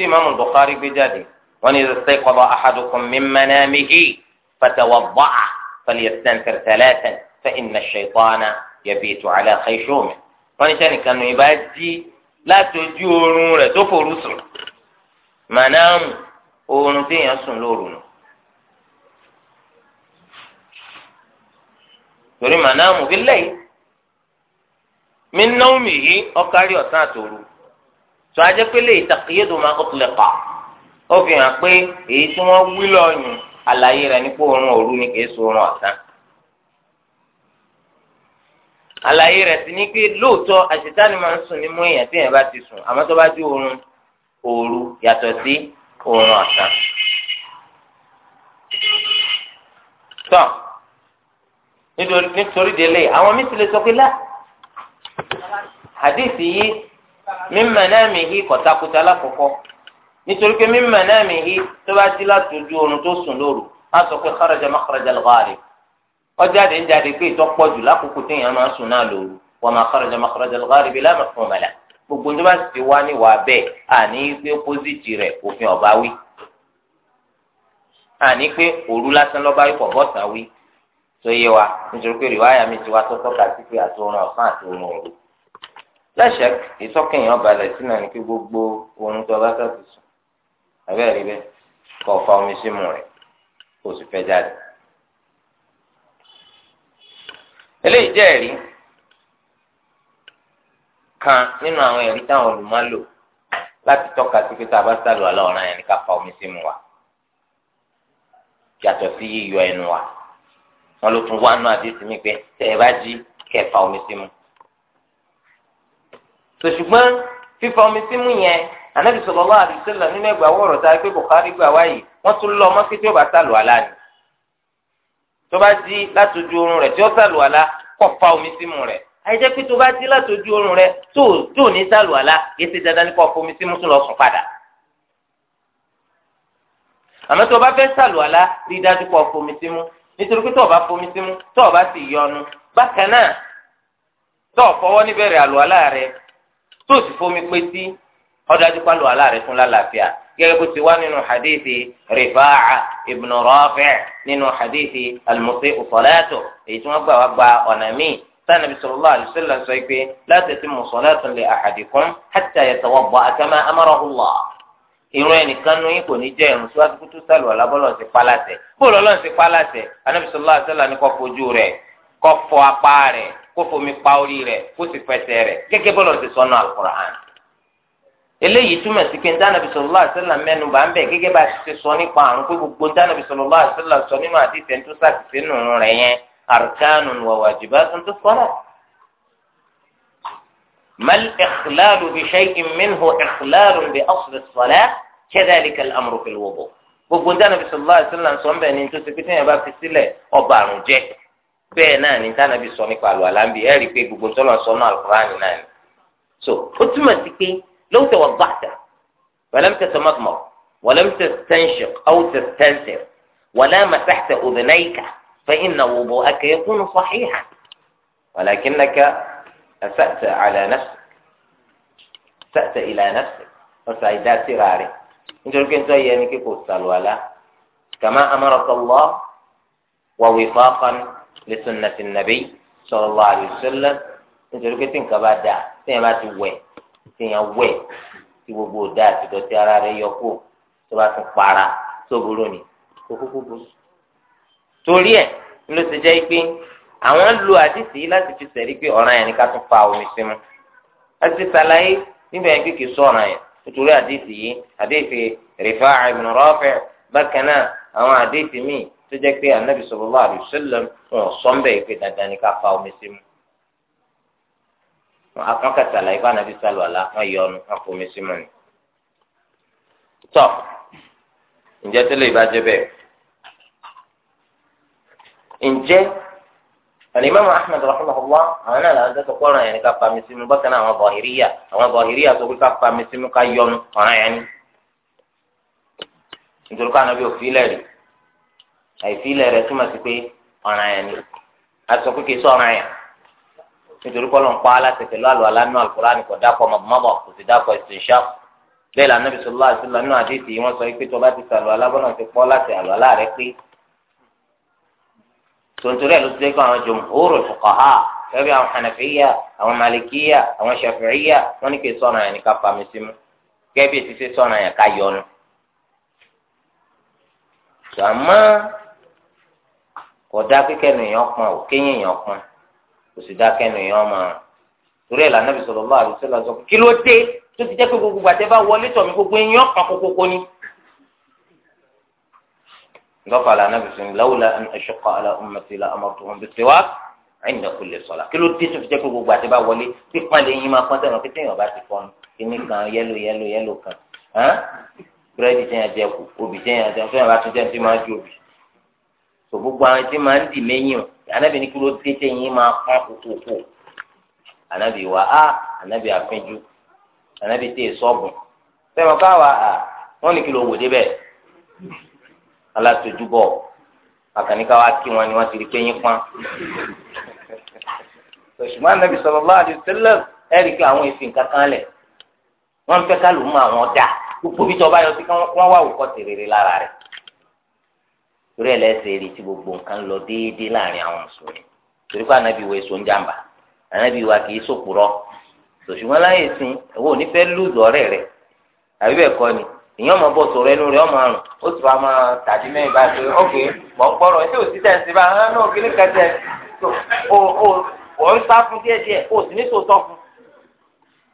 tí imaamu bukhari gbé jáde wọn ni ṣe kọba axadukun mi manamihi fatawadda'a falyastanfir talatan fa inna shaytana yabitu ala khayshumi wọn ni sani kanu ibà jí láti ojú oorun rẹ̀ tó forú sùn manamu oorun tí yẹn sùn lóru nù. torí manamu bí lẹ́yìn mi náwó mi yí ọkàrí ọ̀sán àtòru. tó ajẹ́ pé lè tàkìyédò máa kó tilẹ̀ pa ó fi hàn pé èyí tí wọ́n wí lọ́yùn àlàyé rẹ̀ ní kó oorun òru ni kìí so oorun ọ̀sán. àlàyé rẹ̀ sì ní pé lóòótọ́ àṣetáni máa ń sùn ní mú èèyàn tí èèyàn bá ti sùn àmọ́ tó bá dé oorun òru yàtọ̀ sí oorun ọ̀sán. tọ́ nítorí délé àwọn mísìlẹ̀ sọ pé lá àdéhìí yìí mímà náà mi hí kọ̀tàkùtà lákòókò nítorí pé mímà náà mi hí tó bá dí láti ojú oorun tó sùn lóru á sọ pé kharaja makharaja al-gharib ọjáde ń jáde pé ìtọ́pọ̀ jù lákòókò téèyàn máa sùn náà lóru wa ma kharaja makharaja al-gharib la mafhuma lahu gbogbo tó bá sì ti wá níwàá bẹ́ẹ̀ àní pé pósìtì rẹ̀ òfin ọ̀bá wí àní pé òru lásán lọ́ba ikọ̀ bọ́sà wí tó yé wa nítorí pé rìwáyà mi ti wá tó tọ́ka sí pé àtòrun ọ̀sán àtòrun òru lẹ́sẹ̀ ìsọ́kẹ̀yìn ọ̀balẹ̀ sí náà ní kí gbogbo oorun tó bá sàtì sùn abẹ́rẹ́ rí bẹ́ẹ̀ kọ́ fa omi símú rẹ̀ kó o sì fẹ́ jáde. eléyìí jẹ́ ẹ̀rí kan nínú àwọn ẹ̀rí táwọn olùmọ́lò láti tọ́ka sí pé tá a bá sálò aláwòrán yẹn ní ká fa omi símú wa yàtọ̀ sí yíyọ ẹnu wa wọn ló tún wá nù àdéhùn mi pé tẹ̀ ẹ bá jí kẹ́ fa omi símú tòṣùgbọ́n fífa omi símú yẹn anabi sallallahu alaihi wasallam nínú ẹgbà wọrọ tá a gbé Bukhari gbà wáyé wọn tún lọ ọmọ kété ọba sálù àlá ni tó bá di látòjú oorun rẹ̀ tí ó sálù àlá kọ fa omi símú rẹ̀ àyẹjẹ pé tó bá di látòjú oorun rẹ̀ tó tó ní sálù àlá yé ṣe dandan ní kọ fomi símú tún lọ sùn padà àmọ́ tó o bá fẹ́ sàlù àlá rí i dájú pé o fomi sí mu nítorí pé tó o bá tó sì fomi pé sí ọdájú pálọ aláàrẹ fún lálàáfíà gẹ́gẹ́ bó ti wá nínú hadithi rifaaca ibnu rafi' nínú hadithi al-musi'u salatu èyí tí wọ́n gbà wá gba ọ̀nà míì sanni bisalòlá alayisalaam sọ pé láti ti musalatun li ahadikum hatta yatawadda'a kama amarahu Allah irun ẹnìkan nu yín kò ní jẹ́ irun síwájú kútú sálù ọlábọlọ ti pálásẹ bóòlù Ọlọ́run ti pálásẹ anabisalòlá alayisalaam ni kó fojú rẹ̀ kó fọ apá rẹ̀ kó fomi pa orí rẹ̀ kó sì fẹsẹ̀ rẹ̀ gẹ́gẹ́ bọlọ ti sọnù alukur'an eléyìí túmọ̀ sí pé ntànàbí sallallahu alaihi wasallam mẹ́nu bá ń bẹ̀ gẹ́gẹ́ bá a ti ṣe sọ nípa àrùn pé gbogbo ntànàbí sallallahu alaihi wasallam sọ nínú àdìsẹ́ tó sàkìsí nù rẹ̀ yẹn arkanun wa wajibatun tó sọ́nà. mal ikhlalu bi shay'in minhu ikhlalu bi asli as-salah kadhalika al-amru fil wudu. gbogbo ntànàbí sallallahu alaihi wasallam sọ ń bẹ̀ ní tó bẹ́ẹ̀ náà ni tánàbí sọ nípa àlọ́ àlámbi ẹ̀rí pé gbogbo tó tọ́lọ̀ sọ náà alukurani náà ni so ó túmọ̀ sí pé lóun lóòótọ́ wà bàtà wàlẹ́ mi tẹ̀sán mọ́ wàlẹ́ mi tẹ̀sán ṣẹ̀k ọ́wọ́ tẹ̀sán ṣẹ̀ wàlẹ́ mi tẹ̀sán òdìnnáyìíkà fẹ́yìn náà wò bọ̀ akẹ́yẹ kúnnù sọ́híhà wàlẹ́kìn nàkà sàtẹ̀ àlànàṣẹ̀ sàtẹ̀ ìlànàṣẹ̀ ọ̀sà ìdásíra rẹ̀ li sunnati nabi sallallahu alaihi wasallam nítorí pé tí nǹkan bá dáa tí yẹn bá ti wẹ̀ tí yẹn wẹ̀ tí gbogbo dáa àti dọ̀tí ara rẹ̀ yọ kó tó bá tún para tó burú ni kó kúkú burú. torí ẹ̀ ló ti jẹ́ pé àwọn lo àdìsí láti fi sẹ̀rí pé ọ̀ràn yẹn ni ká tún fa omi sí mu láti ṣàlàyé nígbà yẹn kéèké sọ ọ̀ràn yẹn nítorí àdìsí yìí àdìsí Rifa'a ibn Rafi' bákan náà àwọn àdìsí míì tó jẹ́ pé anabi sallallahu alaihi wasallam sọmbẹ ìpè dandan ni ká fa omi sí mu akankatala ìfọ anabi sálọ àlá wọn yọ ọnu wọn fomi sí mu ni. tọ ǹjẹ́ tẹ́lẹ̀ ìbàjẹ́ bẹ́ẹ̀ ǹjẹ́ alimami ahmed rahimahullah àwọn náà làwọn tẹ́tọ̀ kọ́ran yẹn ni ká fami sí mu bákan náà àwọn bọ̀hìríyà àwọn bọ̀hìríyà tó kí ká fami àìfilẹ̀ rẹ̀ túmọ̀ sí pé ọ̀ràn yẹn ni aṣọ kékeré sọ ọ̀ràn yẹn nítorí kọ́ ló ń pa aláṣẹ pẹ̀lú àlọ́ alánú Al-Qur'ani kò dákọ̀ mọ̀bọ̀mọ̀bọ̀ kò sì dákọ̀ ìsìnṣá bẹ́ẹ̀ la Nabi sallallahu alaihi wasallam náà àdéhìí wọn sọ pé tó bá ti sàlọ́ alábọ́nà ti pọ́ láti àlọ́ alá rẹ pé tontorí ẹ̀ ló ti dẹ́kọ̀ àwọn jumhur fuqaha fẹ́bi àwọn hànàfíyà àwọn màlìkíyà àwọn ṣàfíìyà wọn ní kí sọ̀rọ̀ yẹn ká fami sí mu gẹ́gẹ́ bí ètí sí sọ̀rọ̀ yẹn ká yọnu kódà kíkẹ́nu èèyàn pọn ò kéyìn èèyàn pọn kò sì dákẹ́nu èèyàn máa torí ẹ̀ lànà bisọ̀rọ̀ lọ́wọ́ àdúgbò sọ́la sọ kí ló dé tó ti jẹ́ pé gbogbo àtẹ́ bá wọlé tọ̀ mí gbogbo èèyàn kan kókókó ni. lọ́fà lànà bisọ̀rọ̀ lawla an ashqa ala ummati la amartuhum bis-siwak inda kulli salah kí ló dé tó ti jẹ́ pé gbogbo àtẹ́ bá wọlé tí pàlẹ́ yín máa pọ́n tẹ̀wọ̀n pété èèyàn bá ti fọ́n kíní kan tó gbogbo àwọn tí máa ń dì mẹ́yìn o ànábì ní kí ló dé tẹ̀yìn máa pọ́n kókókó ànábì wà á ànábì àfẹ́jú ànábì tẹ̀ sọ́ọ̀bùn fẹ́ràn káwa à wọ́n ní kí ló wò débẹ̀ alátojúbọ̀ àkànníkáwa kí wọn ni wọ́n ti rí pẹ́yìn pọ́n ṣùgbọ́n ànábì sallallahu alaihi wasallam ẹ̀rí pé àwọn èsì nǹkan kan lẹ̀ wọ́n fẹ́ ká mú àwọn dà gbogbo bí tọ́ bá yọ sí kí wọ́n wá òkọ́ tèrèrè lára rẹ̀ torí ẹlẹ́sẹ̀ rí tí gbogbo nǹkan lọ déédéé láàrin àwọn mùsùlùmí torí pé ànábì wa èso ń jàǹbá ànábì wa kì í sòpùrọ́ sòṣùwọ́n láyè sin owó onífẹ́ lùzù ọ̀rẹ́ rẹ̀ àbí bẹ́ẹ̀ kọ́ ni èèyàn máa bọ̀ sọ̀rọ̀ ẹnu rẹ̀ ọmọ àrùn ó sì fà máa tàbí mẹ́rin bá pé ókè mọ̀ ń gbọ́rọ̀ ṣé òsì tẹ̀ ń ṣe bá hàn ah, náà kí ní kẹsẹ̀ ó ń sá fún díẹ̀díẹ̀ ó sì ní sòótọ́ fún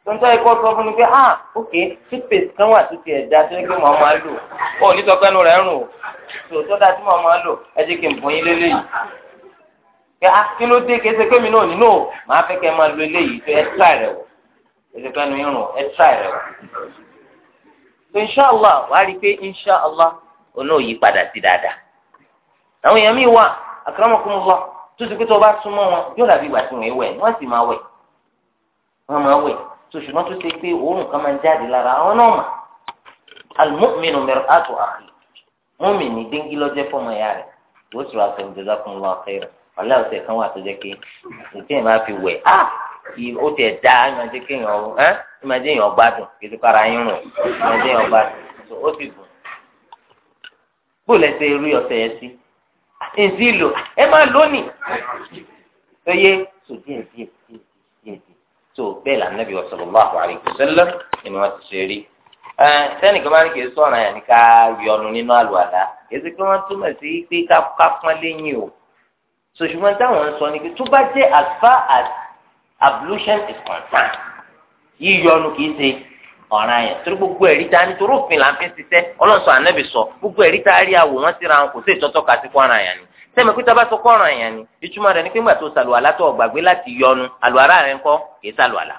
tontọ́ ikọ́ sọ fún mi pé ah ok toothpaste kan wà tó ti ẹ̀dá tó yẹ kí mo máa lò ó ní sọpẹ́nu rẹ̀ rùn o tó sọ́dà tí mo máa lò ẹ jẹ́ kí n bọ́ yín lélẹ́yìí pé ah kí ló dé kése pé mi náà ní náà màá fẹ́ kẹ́ máa lo eléyìí tó ẹ tíra rẹ̀ wò ẹ̀jẹ̀ pẹ́nu yín rùn ẹ tíra rẹ̀ wò. tó inṣàlá wàá rí i pé inṣàlá oná ò yí padà sí dáadáa àwọn èèyàn míì wà àkàràmọ̀kùnmọ̀ tó ti pé tó sòṣùmọ́ tó ṣe pé òórùn kan máa ń jáde lára àwọn náà mà alimọ́mìnú mẹ́rọ àtò àhì mọ́mìnì dengi lọ́jẹ́ fọmọ ìyá rẹ̀ ó sì wá sọ̀rọ̀ jẹ́sà fún lọ́wọ́ kẹrẹ ọ̀lẹ́ ọ̀sẹ̀ kan wà tó jẹ́ pé ìtẹ́ ẹ̀ máa wẹ̀ á ó tẹ̀ dá ẹ̀ máa jẹ́ èèyàn gbádùn kí ló kára yín rùn ẹ̀ máa jẹ́ èèyàn gbádùn ó sì dùn. bóòlù ẹsẹ̀ rí ọ̀sẹ̀ yẹn sí ẹ̀ ń sí lò ẹ máa lónìí. ó yẹ sòdí ẹ̀ díẹ̀ díẹ̀ tó bẹ́ẹ̀ lànà bí sallallahu alaihi wasallam ni wọ́n ti ṣe rí. sẹ́ni kan bá ní kì í sọ̀rọ̀ yẹn ní ká yọnu nínú àlùwàlá èsì pé wọ́n túmọ̀ sí pé ká pọ́n léyìn o sòṣùgbọ́n táwọn ń sọ ni pé tó bá jẹ́ as far as ablution is concerned yíyọnu kì í ṣe ọ̀ràn yẹn torí gbogbo ẹ̀rí ta ni torí òfin là ń fi ṣiṣẹ́ ọlọ́sọ ànábì sọ gbogbo sẹ́mi pé tábà sọ kọ́ràn èèyàn ni ìtumọ̀ rẹ̀ ni pé ńgbà tó sàlùwàlá tó gbàgbé láti yọnu àlùwàlá rẹ̀ ńkọ́ kìí sàlùwàlá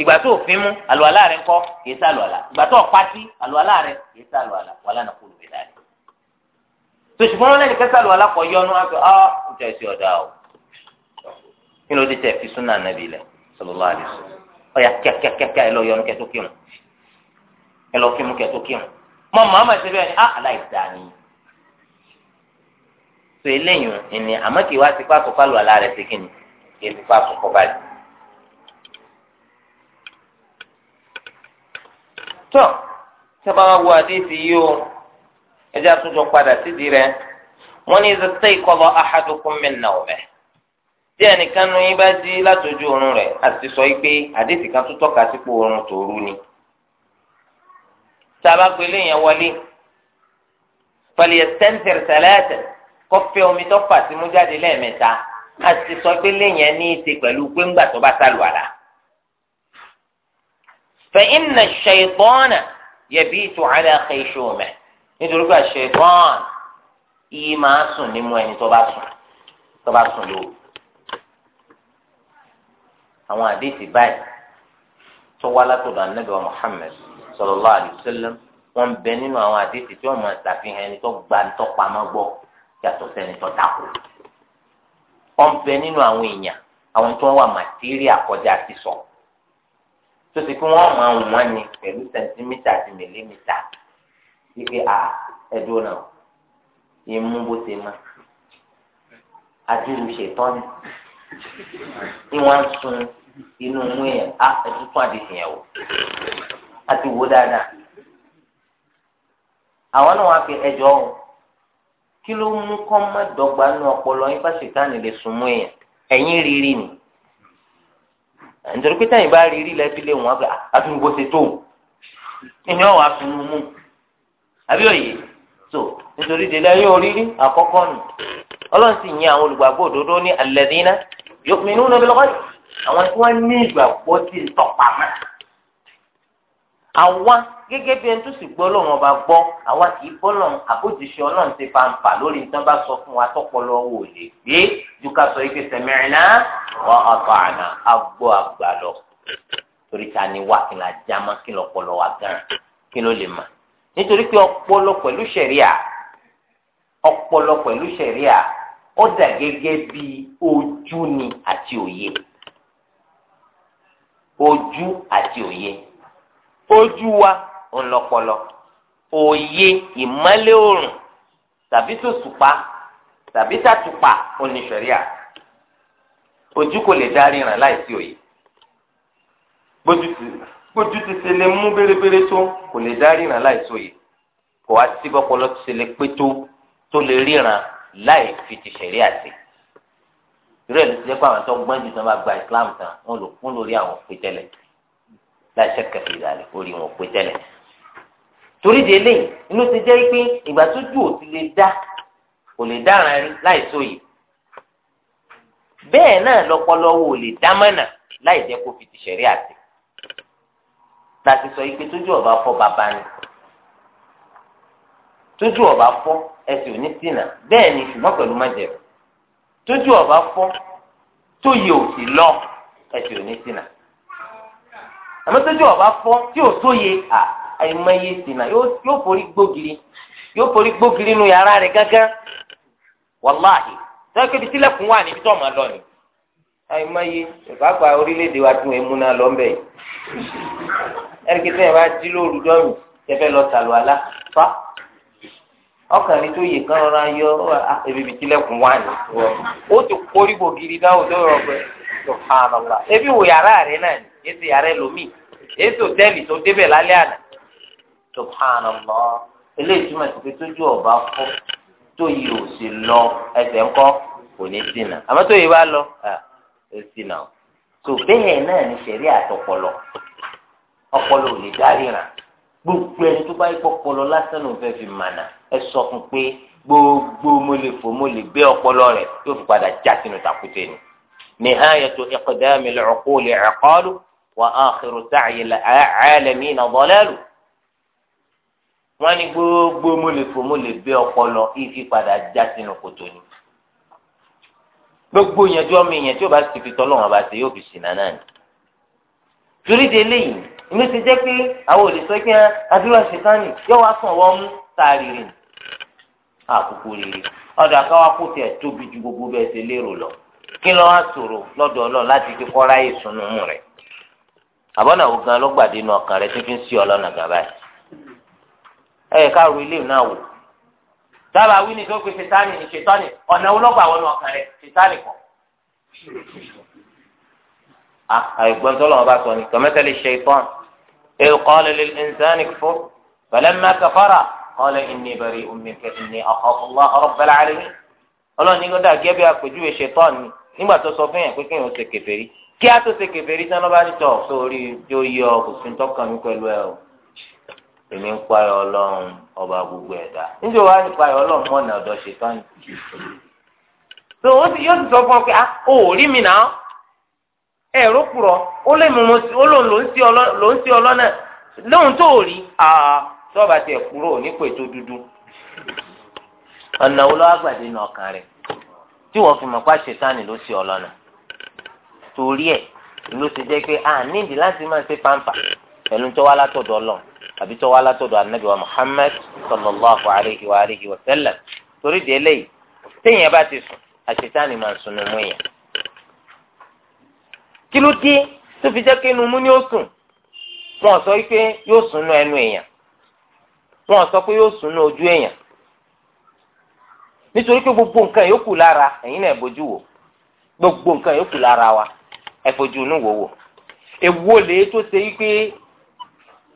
ìgbà tó òfin mú àlùwàlá rẹ̀ ńkọ́ kìí sàlùwàlá ìgbà tó pati àlùwàlá rẹ̀ kìí sàlùwàlá wàlá nà dáadé wọn kọ yọnu ọ́ ah, ọ̀dà o kí ló dé tẹ̀ fi súnà so eléyìí ẹni àmọ́ kì í wá sí pàtó pálọ̀ àlá rẹ̀ sí kìnnì kì í sí pàtó kọ́ báyìí. tó sábà wá wo àdéhìí yìí o ẹjẹ́ àtúntò padà sídìí rẹ̀ wọ́n ní ìzọ tẹ́ ìkọlọ ahadukum min nawmih tí ẹnìkan nu yín bá jí látọjú oorun rẹ̀ àti sọ pé àdéhìí kan tó tọ́ka sípò oorun tòru ni. sábà pé léèyàn wọlé fal yastanthir kọfẹ omi tó fà sí mú jáde lẹ́ẹ̀mẹ́ta a ti sọ pé lẹ́yìn ní í ṣe pẹ̀lú pé ńgbà tó bá sálù àlà. fa inna ash-shaytana yabitu ala khayshumih nítorí pé ash yìí máa sùn nímú ẹni tó bá sùn tó bá sùn lóru. àwọn àdéhìí báyìí tó wá látọ̀dọ̀ Ànábì wa Muhammad sallallahu alaihi bẹ nínú àwọn àdéhìí tí wọ́n máa ṣàfihàn ẹni tó gba ń tọ́ pamọ́ gbọ́ yàtọ̀ sẹ́ni tó dàkú ọ̀ ń bẹ nínú àwọn èèyàn àwọn tó wà màtíríà kọjá ti sọ tó ti kí wọ́n máa wọ́n ni pẹ̀lú sẹ̀ńtímítà àti mìlímítà wípé a ẹ̀dùn náà ìmú bó ṣe máa adúlù ṣètọ́ni ni wọ́n ń sun inú mú yẹn á ẹtú fún àdìsìn yẹn wò á wò dáadáa àwọn náà wá fi ẹjọ́ ọ̀hún kí ló mú kọ́ má dọ́gba nínú ọpọlọ yín fásitánì lè sùn mú èèyàn ẹ̀yìn rírì ni nítorí pé táyìn bá rírì lẹ́bi lé wọn àfihàn ah, bó ṣe tó ìyẹn ọ̀ àfihàn mú àbí òye tó nítorí délé ayé orírí àkọ́kọ́ nù ọlọ́run sì yin àwọn olùgbàgbọ́ òdodo ní alladhina yu'minuna bil-ghayb àwọn tí wọ́n ní ìgbàgbọ́ tí ń tọ́pamọ́ àwa gẹ́gẹ́ bí ẹni tó sì gbọ́ lọ́wọ́n bá gbọ́ àwa kì í gbọ́ lọ́wọ́n àbójúṣe ọlọ́run ti fanfà lórí nǹkan bá sọ fún wa tọpọlọ wò lè gbé ju ká sọ ike sẹmẹ́rìnà wọ́n ọ̀tọ̀ àná agbó àgbà torí ta ni wá kí n la já má kí n lọpọlọ wa gan kí ló lè mà. nítorí pé ọpọlọ pẹ̀lú sẹ̀ríà ọpọlọ pẹ̀lú sẹ̀ríà ó dà gẹ́gẹ́ bí ojú ni àti òye ojú àti òye ojú wa ńlọpọlọ òye ìmọ́lẹ̀ oòrùn tàbí tòṣùpá tàbí tàtùpà oníṣẹ̀ríà ojú kò lè dá ríran láìsí òye gbójú ti ṣe lè mú bérebére tó kò lè dá ríran láìsí òye kò wá sí bọ́pọlọ ti ṣe lè pé tó tó lè ríran láì fi ti ṣẹ̀ríà sí irú ẹ̀ ló ti jẹ́ pé àwọn tó gbọ́n jù tán bá gba ìsìláàmù tán wọn lò fún lórí àwọn òfin tẹ́lẹ̀ láì ṣẹ́kẹ̀ fi ìdálẹ̀ orí wọn pé tẹ́lẹ̀. torí de lè inú ti jẹ́ pé ìgbà tó jù ò ti lè dá kò lè dáràn rí láì sóye bẹ́ẹ̀ náà lọ́pọ̀lọpọ̀ ò lè dámọ̀nà láì jẹ́ kó fi ti àti láti sọ ipe tójú ọba fọ́ bàbá ni tójú ọba fọ́ ẹsẹ̀ ò ní ṣìnà bẹ́ẹ̀ ni ṣùgbọ́n pẹ̀lú májẹ̀rù tójú ọba fọ́ tóyè ò sì lọ ẹsẹ̀ ò ní ṣìnà àmọ́ tójú ọba fọ́ tí ò sóye à àìmọye sìnà yóò forí gbógiri yóò forí gbógiri nu yàrá rẹ̀ gángan wàláhì sọ́yìn kébi sílẹ̀kùn wà níbi tó ọmọ lọ ni àìmọye ìfàgbà orílẹ̀-èdè wa tún èmu náà lọ bẹ́ẹ̀ ẹ̀ríkì sẹ́yìn bá jí lóru dọ́mì tẹ́fẹ́ lọ sàlù àlá fa ọkàn rí tó yè kán rọra yọ ẹ̀bìbì sílẹ̀kùn wà ní ó ti forí gbògiri dáwọ́ tó rọ̀ pé subhanallah ẹbí wò yàrá rẹ̀ náà ni èsì yàrá ẹlòmíì èsì òtẹ́ẹ̀lì tó débẹ̀ lálẹ́ àná subhanallah eléyìí túmọ̀ sí pé tójú ọba fọ́ tó yìí ò sì lọ ẹsẹ̀ ńkọ́ kò ní ṣìnà àmọ́ tó yìí bá lọ ẹ ṣìnà o tó bẹ́ẹ̀ náà ní sẹ̀rí àtọpọlọ ọpọlọ ò lè dáríran gbogbo ẹni tó bá yí pọpọlọ lásán ló fẹ́ fi mànà ẹ sọ fún pé gbogbo mo lè fò mo lè gbé ọpọlọ rẹ yóò fi padà já sínú tàkúté ni nìhayẹtò ẹkọdá mi lọ ọkọ lè ẹkọ lọ. وآخر áàkìrù sáàyè àálẹ́mí iná bọ́lẹ́rù wọ́n ní gbogbo mo lè fò mo lè bẹ ọpọlọ ìfi padà já sínú kòtò ni gbogbo yẹn tí ọmọ yẹn tí o bá ti fi tọ́lọ́ wọn bá ti yóò fi sìnà náà ni torí de eléyìí ìlú ti jẹ́ pé àwọn olùsọ kí ah, adúlọ ṣèkánì yóò wá sàn wọ́n mú sáárì rìn àkókò rere ọ̀dọ̀ àkáwá kò tiẹ̀ tóbi ju gbogbo bẹ́ẹ̀ ṣe lérò lọ kí lọ́wọ́ sọ̀rọ̀ lọ́dọ̀ ọlọ́ọ̀ láti fi kọ́ra ìsúnú rẹ̀ àbọ̀nà wo gan lọ́gbàdé inú ọkàn rẹ tí fi ń sí ọlọ́nà gàba yìí ẹ ká ru ilé náà wò dábàá wí ni tó pe sitani ni sitani ọ̀nà olọ́gbà wọnú ọkàn rẹ sitani kọ. àìgbọ́n tó lọ́wọ́ bá sọ ni kọ́mẹ́tẹ́lì ṣaitan ẹ qala lil insani kfur falamma kafara qala inni bari'un minka inni akhafu Allaha rabbal alamin ọlọ́run ní kó dà kí a tó ṣe kẹfẹ́rí tán lọ́ba nítọ̀ sórí tó yọ kò tọkàn mi ẹ o èmi ń ọba gbogbo ẹ̀dá níjẹ́ wàá ní pa ẹ ọlọ́run mọ́nà ọ̀dọ̀ ṣe tán so ó yóò ti sọ fún ọ pé a ah, ò rí mi náà ẹ̀rọ kùrọ̀ ó lè mú mo ó lòun ló ń sí ọlọ́nà lóhun tó rí sọ́ọ̀bà tiẹ̀ kúrò nípò dúdú ọ̀nà wo lọ́wọ́ àgbàdo ní rẹ̀ tí wọ́n fi pa ṣe tán torí ẹ̀ ló ti pé a nídìí láti máa ṣe pàǹpà pẹ̀lú tó wá látọ̀dọ̀ Ọlọ́run àbí tó wá látọ̀dọ̀ Muhammad torí di eléyìí téèyàn bá ti sùn àṣetánì máa sùn nínú kí ló dé tó fi jẹ́ pé inú mú ni ó sùn wọn sọ pé yóò sùn ẹnu èèyàn wọn sọ gbogbo nǹkan yòókù lára ẹ̀yin náà bójú gbogbo nǹkan yòókù lára ẹ fojú inú wò wò èwo lè tó ṣe wípé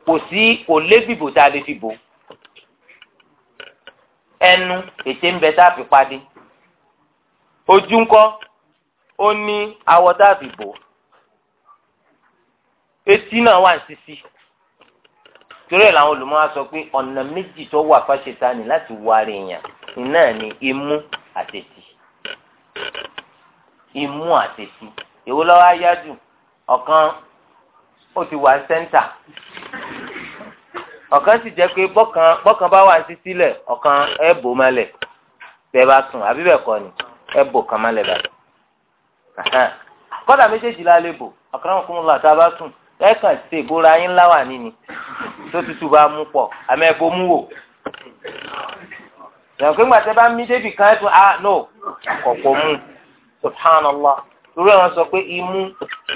kò sí kò lébìbò tá a lè fi bò ẹnu ètè ń bẹ tá a fi padé ojú ńkọ́ ó ní awọ tá a fi bò etí náà wà ń sisi torí ẹ̀ làwọn olùmọ̀ wa sọ pé ọ̀nà méjì tó wà fáṣetá ni láti wọ èèyàn iná ni imú àtẹ̀tì imú àtẹ̀tì èwo lọ́wọ́ ayájú ọ̀kan ó ti wà sẹ́ńtà ọ̀kan sì jẹ́ pé bọ́kan bọ́kan bá wà sí sílẹ̀ ọ̀kan ẹ̀ bò malẹ̀ bẹ́ẹ̀ bá sùn àbí bẹ́ẹ̀ kọ́ ni ẹ̀ bò kan malẹ̀ bàtà kọ́dà méjèèjì la lè bò ọ̀kan náà kún un lọ àti abá sùn ẹ̀ kàn ṣe ìbora yín láwà níní tó tutù bá mú pọ̀ àmọ́ ẹ̀ bò mú wò ìyàwó pé ńgbà tẹ́ bá mí débì kan ẹ̀ tún ah no kọ̀ọ̀kọ̀ mú subhanallah torí àwọn sọ pé imú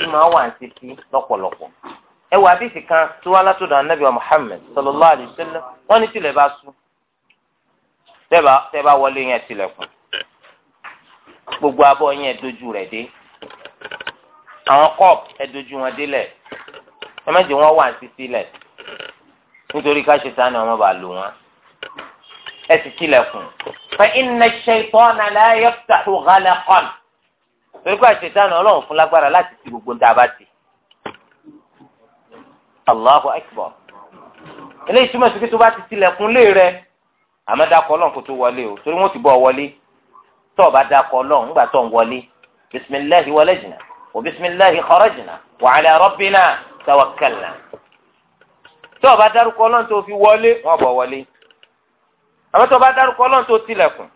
ìmọ̀ wà ń títí lọ́pọ̀lọpọ̀ ẹ wà àdìsí kan tó wá látọ̀dọ̀ anábìá Muhammad sallallahu alayhi wa sallam wọ́n ní tilẹ̀ bá sùn tẹ́ bá wọlé yẹn tilẹ̀kùn gbogbo abọ́ yẹn dojú rẹ̀ dé àwọn kọ́ọ̀p ẹ dojú wọn délẹ̀ ẹ méjì wọn wà títí lẹ̀ nítorí ká ṣètánì ọmọ bá lò wọn ẹ sì tilẹ̀kùn fa inna ash-shaytana la yaftahu ghalaqan torí pé àṣetánù ọlọ́run fún lágbára láti ti gbogbo nta bá ti. Allahu akbar eléyìí túmọ̀ sí pé tó bá ti tilẹ̀kùn lé rẹ àmọ́ dákọ̀ ọlọ́run kó tó wọlé o torí wọ́n ti bọ̀ wọlé tó bá dákọ̀ ọlọ́run ńgbà tó ń wọlé bisimilahi walajna wa bisimilahi kharajna wa ala rabbina tawakkalna tó o bá dárúkọ ọlọ́run tó fi wọlé wọ́n bọ̀ wọlé àmọ́ tó bá dárúkọ ọlọ́run tó tilẹ̀kùn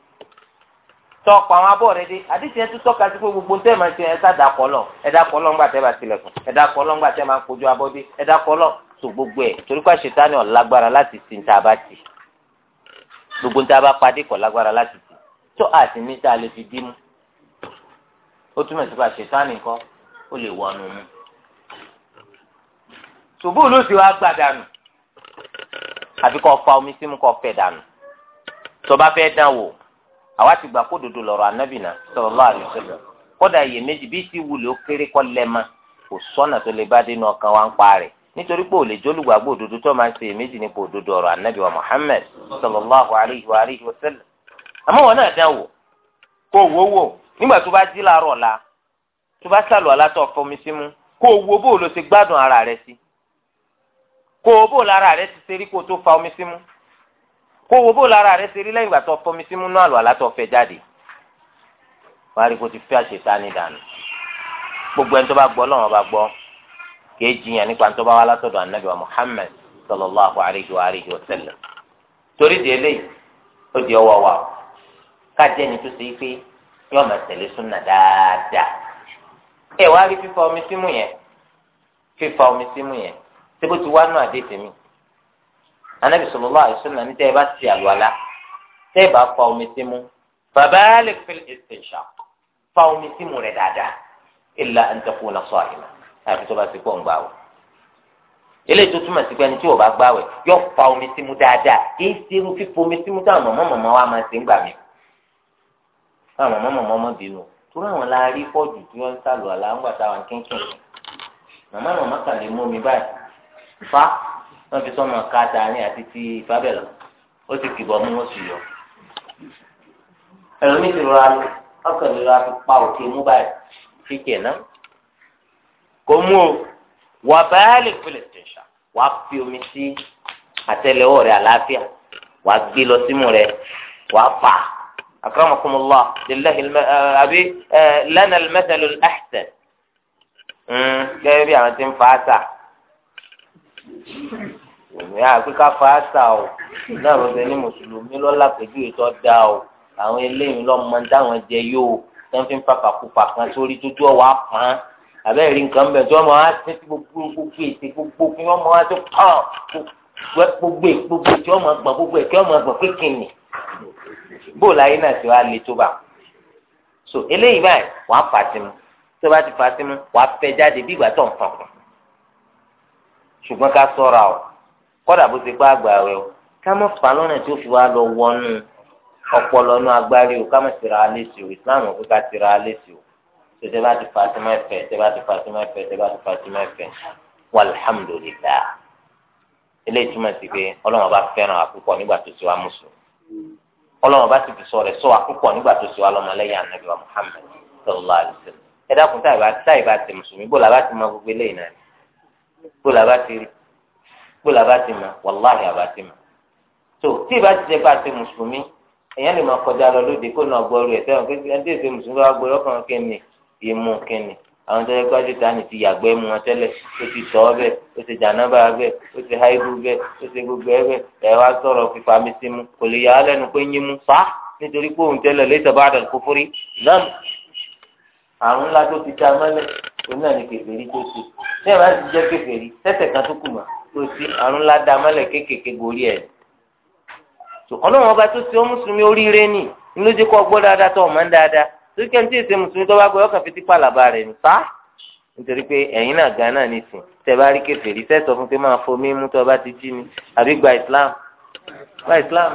tọ́ pa àwọn abọ́ rẹ dé àdìsí yẹn tún tọ́ka sí pé gbogbo ntẹ́ máa ń ṣe ẹ̀sà dàpọ̀ lọ ẹ̀dá kọ́ lọ́ngbà tẹ́ bá tilẹ̀kùn ẹ̀dá kọ́ lọ́ngbà tẹ́ máa ń kojú abọ́ dé ẹ̀dá kọ́ lọ́ tó gbogbo ẹ̀ torí pé àṣetánì ọ̀lágbára láti ti ntá bá ti gbogbo ntá bá padì kọ̀ lágbára láti ti tó àti ní tá a lè fi dí mú ó túmọ̀ sí pé àṣetánì nǹkan ó lè wọnú mú ṣùgbọ́n olóòsì wa gbà dànù àfi kọ́ fa àwa ti gbà kododo l'ọrọ lọ́rọ̀ anabi náà sallallahu alaihi kódà iye méjì bí ti wulẹ̀ ó kéré kọ́ lẹ́ẹ̀ma kò sọ́nà tó lè bá dénú ọkàn wa ń pa nítorí pé òlè jólùgbàgbọ́ òdodo tó máa ń ṣe iye méjì nípa òdodo wa Muhammad sallallahu bá jí la tó bá sàlù alátọ̀ fọmi kó wo bó o ara rẹ sí kó o bó o lára rẹ ti fa omi kó wo bó lara rẹ ṣe rí lẹ́yìn ìgbà tó fọmi sí múnú jáde gbogbo ẹni tó bá gbọ lọ́wọ́ bá gbọ́ kìí jiyàn nípa tó bá wá látọ̀dọ̀ anabi wa Muhammad sallallahu alayhi wa alayhi wa sallam torí di eléyìí ó di ọwọ́ wa kájẹ́ ni tó ṣe é pé yóò máa tẹ̀lé súnà dáadáa ẹ anabi sallallahu alaihi wasallam ní tẹ́ ẹ bá ti àlùwàlá tẹ́ ẹ bá fa omi sí mu fabalik fil istinshaq fa omi sí mu rẹ̀ dáadáa illa an takuna sa'ima àti tó bá ti pọ̀ ń gbà wọ. eléyìí tó túmọ̀ sí pé ẹni tí ò bá gbàwẹ̀ yóò fa omi sí mu dáadáa kì í ṣe irú fífo omi sí mu táwọn mọ̀mọ́ mọ̀mọ́ wa máa ṣe ń gbà mí. táwọn mọ̀mọ́ mọ̀mọ́ bínú tó ráwọn la rí fọ́ọ̀jù tí wọ́n ń sàlù àlá ń táwọn kínkìn. màmá màmá kàn mú omi báyìí fa wọ́n fi sọ́nà káàtà ní àti ti ìfábẹ́lẹ̀ ó ti kìbọ̀ mú wọn sì yọ. ẹlòmíì ti rọra lò ọkàn lè rọra fi pa òkè mú báyìí fi kẹ̀ náà. kò mú o wà báyìí fìlẹ̀ tẹ̀sán wà á fi omi sí àtẹ́lẹwọ́ rẹ̀ àlàáfíà wà á gbé lọ símú rẹ̀ wà á fà á. أكرمكم الله لله الم... أبي لنا المثل الأحسن. gẹ́gẹ́ bí àwọn ti ń òmí àgbéká fàáta o náà ló bẹ ní mùsùlùmí lọ́la pẹ̀lú ètò ọ̀dà o àwọn eléyìí lọ́mọ dáwọn jẹ yóò tó ń fi pàkàkùpà kan sórí tójú ọ̀wọ́ àpọ́n àbẹ́ rí nǹkan bẹ̀ tí wọ́n máa ṣe tí gbogbo gbogbo ètè gbogbo kí wọ́n máa tó pọ́n gbogbo gbogbo tí wọ́n máa gbọ̀n gbogbo ẹ̀ kí wọ́n máa gbọ̀n kékeré bó láyé náà ti wá le tó bá so eléyìí báyìí wàá fàtí tó bá ti fàtí wàá fẹ́ jáde bí ìgbà tó ń fọkàn ṣùgbọ́n ká sọ́ra o kọ́dà bó ti pa àgbà rẹ o ká mọ̀ fà lọ́nà tí ó fi wá lọ wọnú ọpọlọ inú agbárí o ká mọ̀ síra alẹ́ sí o Islam ò fi ká síra alẹ́ sí o tètè bá ti Fatima ẹ̀fẹ̀ tètè bá ti Fatima ẹ̀fẹ̀ tètè bá ti Fatima ẹ̀fẹ̀ walhamdulillah eléyìí túmọ̀ sí pé ọlọ́run bá fẹ́ràn àkókò nígbà tó ti wá mùsùlùmí ọlọ́run bá sì fi sọ rẹ̀ sọ àkókò nígbà tó ti wá lọ́mọlẹ́yìn anabi wa Muhammad sallallahu alayhi wa sallam ẹ dákun táyì bá ti mùsùlùmí bó la bá ti mọ gbogbo eléyìí náà gbọ́dọ̀ àbá ti rí gbọ́dọ̀ àbá ti mọ̀ wàláhì àbá ti mọ̀ tó tí ìbá ti jẹ́ bá ti mùsùlùmí èèyàn lè máa kọjá lọ lóde kó náà gbọ́ rẹ̀ sẹ́wọ̀n kékeré ẹni tí èsè mùsùlùmí bá gbọ́ lọ́kàn kẹ́ni ìmú kẹ́ni àwọn tó yẹ kó ajé tani ti yàgbẹ́ mu wọn tẹ́lẹ̀ ó ti tọ́ ọ bẹ́ẹ̀ ó ti jànábà bẹ́ẹ̀ ó ti haibu bẹ́ẹ̀ ó ti gbogbo ẹ bẹ́ẹ̀ ẹ wá sọ̀rọ̀ fífa mi sí mu kò lè yà á lẹ́nu pé yín mu fa nítorí pé òun tẹ́lẹ̀ lẹ́sẹ̀ bá dàlù kófórí náà àrùn ńlá tó ti dá mọ́lẹ̀ òun náà ní kébèrè tó ti ní ìwà ti jẹ́ kékeré tẹ́tẹ̀ kan tó kù mọ́ kò sí àrùn ńlá da mọ́lẹ̀ kéékèèké gorí ẹ̀. ọlọ́run ọba tó ti ọ́ mùsùlùmí oríire nì ló jẹ́ kó gbọ́ dáadáa tó ọmọ ń dáadáa tó kẹ́ ní tí èsè mùsùlùmí tó bá gbọ́ yọkàn fi tipa làbà rẹ̀ nì pa nítorí pé ẹ̀yin náà gan náà ní sìn tẹ́ bá rí kékeré tẹ́tọ̀ fún pé máa fomi mú tó bá ti jí ni àbí gba Islam gba Islam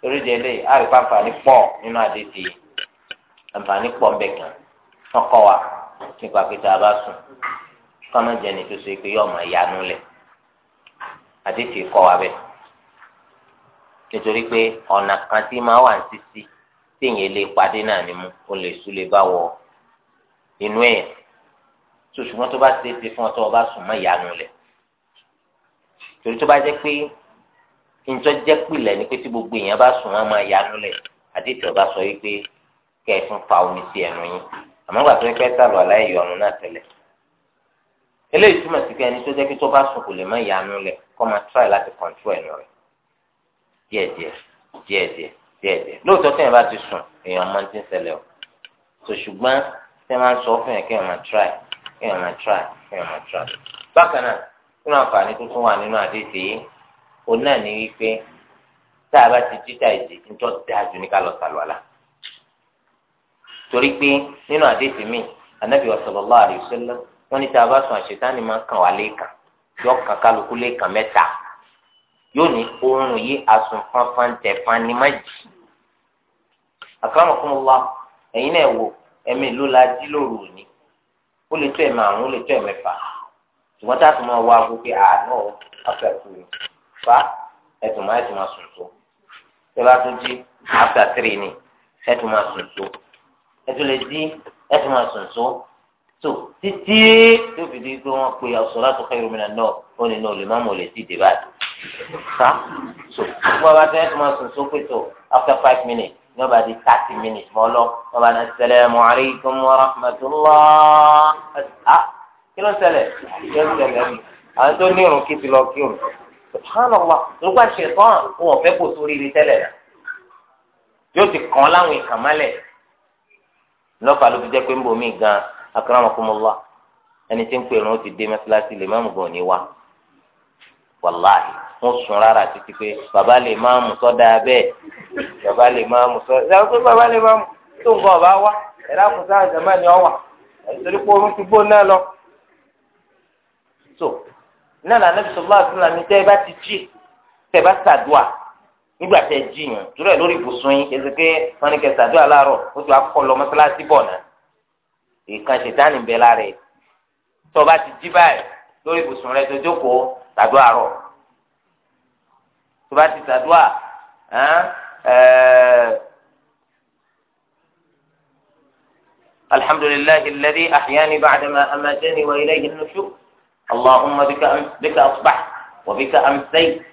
torí jẹ lé àrífà àǹfààní pọ̀ nínú àdéhìí àǹfààní pọ̀ ń bẹ̀ kan wọ́n kama jẹni tó so pé yọ̀ọ́ máa yanu lẹ̀ àdéhìí kọ́ wa bẹ́ẹ̀ nítorí pé ọ̀nà kan tí máa wà ní títí téèyàn lè padé náà ni mu o lè sùn lè bá wọ inú ẹ̀ tó ṣùgbọ́n tó bá ṣe é ṣe fún ọ tó o bá sùn mọ́ ìyanu lẹ̀ torí tó bá jẹ́ pé njọ jẹ́ pilẹ̀ ni pé tí gbogbo èèyàn bá sùn wọn máa yanu lẹ̀ àdìtẹ̀ bá sọ wípé kẹ́ ẹ fún fa omi sí ẹnu yín àmọ́ gbà tó ń sàlọ̀ aláìyọ̀ náà tẹ̀lẹ̀ eléyìí túmọ̀ sí pé ẹni tó jẹ́ pé tó bá sùn kò lè má yanu lẹ̀ kọ́ máa try láti control ẹ̀nu rẹ̀ díẹ̀díẹ̀ díẹ̀díẹ̀ díẹ̀díẹ̀ lóòótọ́ tí èèyàn bá ti sùn èèyàn máa ti ń ṣẹlẹ̀ o tó ṣùgbọ́n tí wọ́n máa ń sọ fún yẹn kí èèyàn máa try kí èèyàn máa try kí èèyàn máa try. bákan náà nínú àǹfààní tó tún wà nínú àdéhìí yìí òun náà ní wípé tá a bá ti jíjà ìdí tó dáa jù ní ká lọ sàlùwàlà torí pé nínú àdéhìí míì anábìwà sallallahu alaihi wasallam wọ́n ní tí a bá sùn àṣetánì máa kàn wá lẹ́ẹ̀kan yóò kàn kálukú lẹ́ẹ̀kan mẹ́ta yóò ní oorun yìí asùn fanfan tẹ fani má jì àkàràmọ̀kúnmọ́wá ẹ̀yin náà wò ẹ̀mí ló la dí lóru òní ó lè tó ẹ̀ márùn ó lè tó ẹ̀ mẹ́fà ṣùgbọ́n tá a tún máa wá gbogbo pé àánú ọ̀sẹ̀ fa ẹ̀tùn máa ẹ̀tùn máa sùn tó ṣé bá tún jí after three ni ẹ̀tùn máa sùn tó ẹ̀tùn lè dí ẹ̀tùn máa sùn tó so títí tó fi di pé wọ́n pe as-salatu khayrun minan-nawm ó ní ní olè má mọ̀ lè ti dè báyìí sa so gbogbo àwọn àti ẹ̀sìn máa sùn sókè tó after five minutes ní ọba di thirty minutes mọ́ lọ ọba ní assalamu alaykum wa rahmatullah ah kí ló ń kí ló ń mi àwọn tó ní irun kí ti lọ kí òun subhanallah lórúkọ àṣetán òun ọ̀fẹ́ kò sórí ilé tẹ́lẹ̀ náà yóò ti kàn láwọn ìkàmálẹ̀ lọ́fà ló fi jẹ́ pé ń bomi gan-an akramakumullah ẹni tí ń pè rún ó ti dé mẹsàlásì lè máàmù gan ni wá wàláhì wọn sùn rárá títí pé bàbá lè máàmù sọ dáa bẹ́ẹ̀ bàbá lè máàmù sọ ìyàwó pé bàbá lè máàmù tó ń bọ ọba wá ẹ̀rá kùn sáà jẹ̀mọ́ ni ọ wà nítorí oorun ti gbóná lọ. so náà lànà bí sọlá àdúrà mi tẹ́ ẹ bá ti jí tẹ́ ẹ bá ṣàdúà nígbà tẹ́ ẹ jí yàn dúró ẹ lórí ibùsùn yín kẹsì wọn ni kẹsì àdúrà láàárọ̀ ó ti wá bọ̀ náà. nǹkan ṣètánì ń bẹ lára ẹ tó o bá ti jí báyìí lórí ibùsùn rẹ tó jókòó tàdúrà rọ tó o bá ti tàdúrà alhamdulilayi alladhi ahyani ba'dama amatani wa ilayhi an-nushur allahumma bika bika asbahtu wa bika amsaytu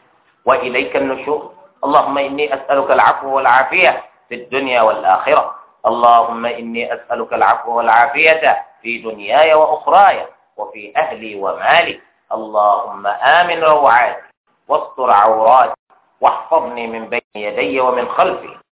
wa ilayka an-nushur allahumma inni as'aluka al-'afwa wal-'afiyah fi ad-dunya wal-akhirah. اللهم إني أسألك العفو والعافية في دنياي وأخراي وفي أهلي ومالي اللهم آمن روعاتي واستر عوراتي واحفظني من بين يدي ومن خلفي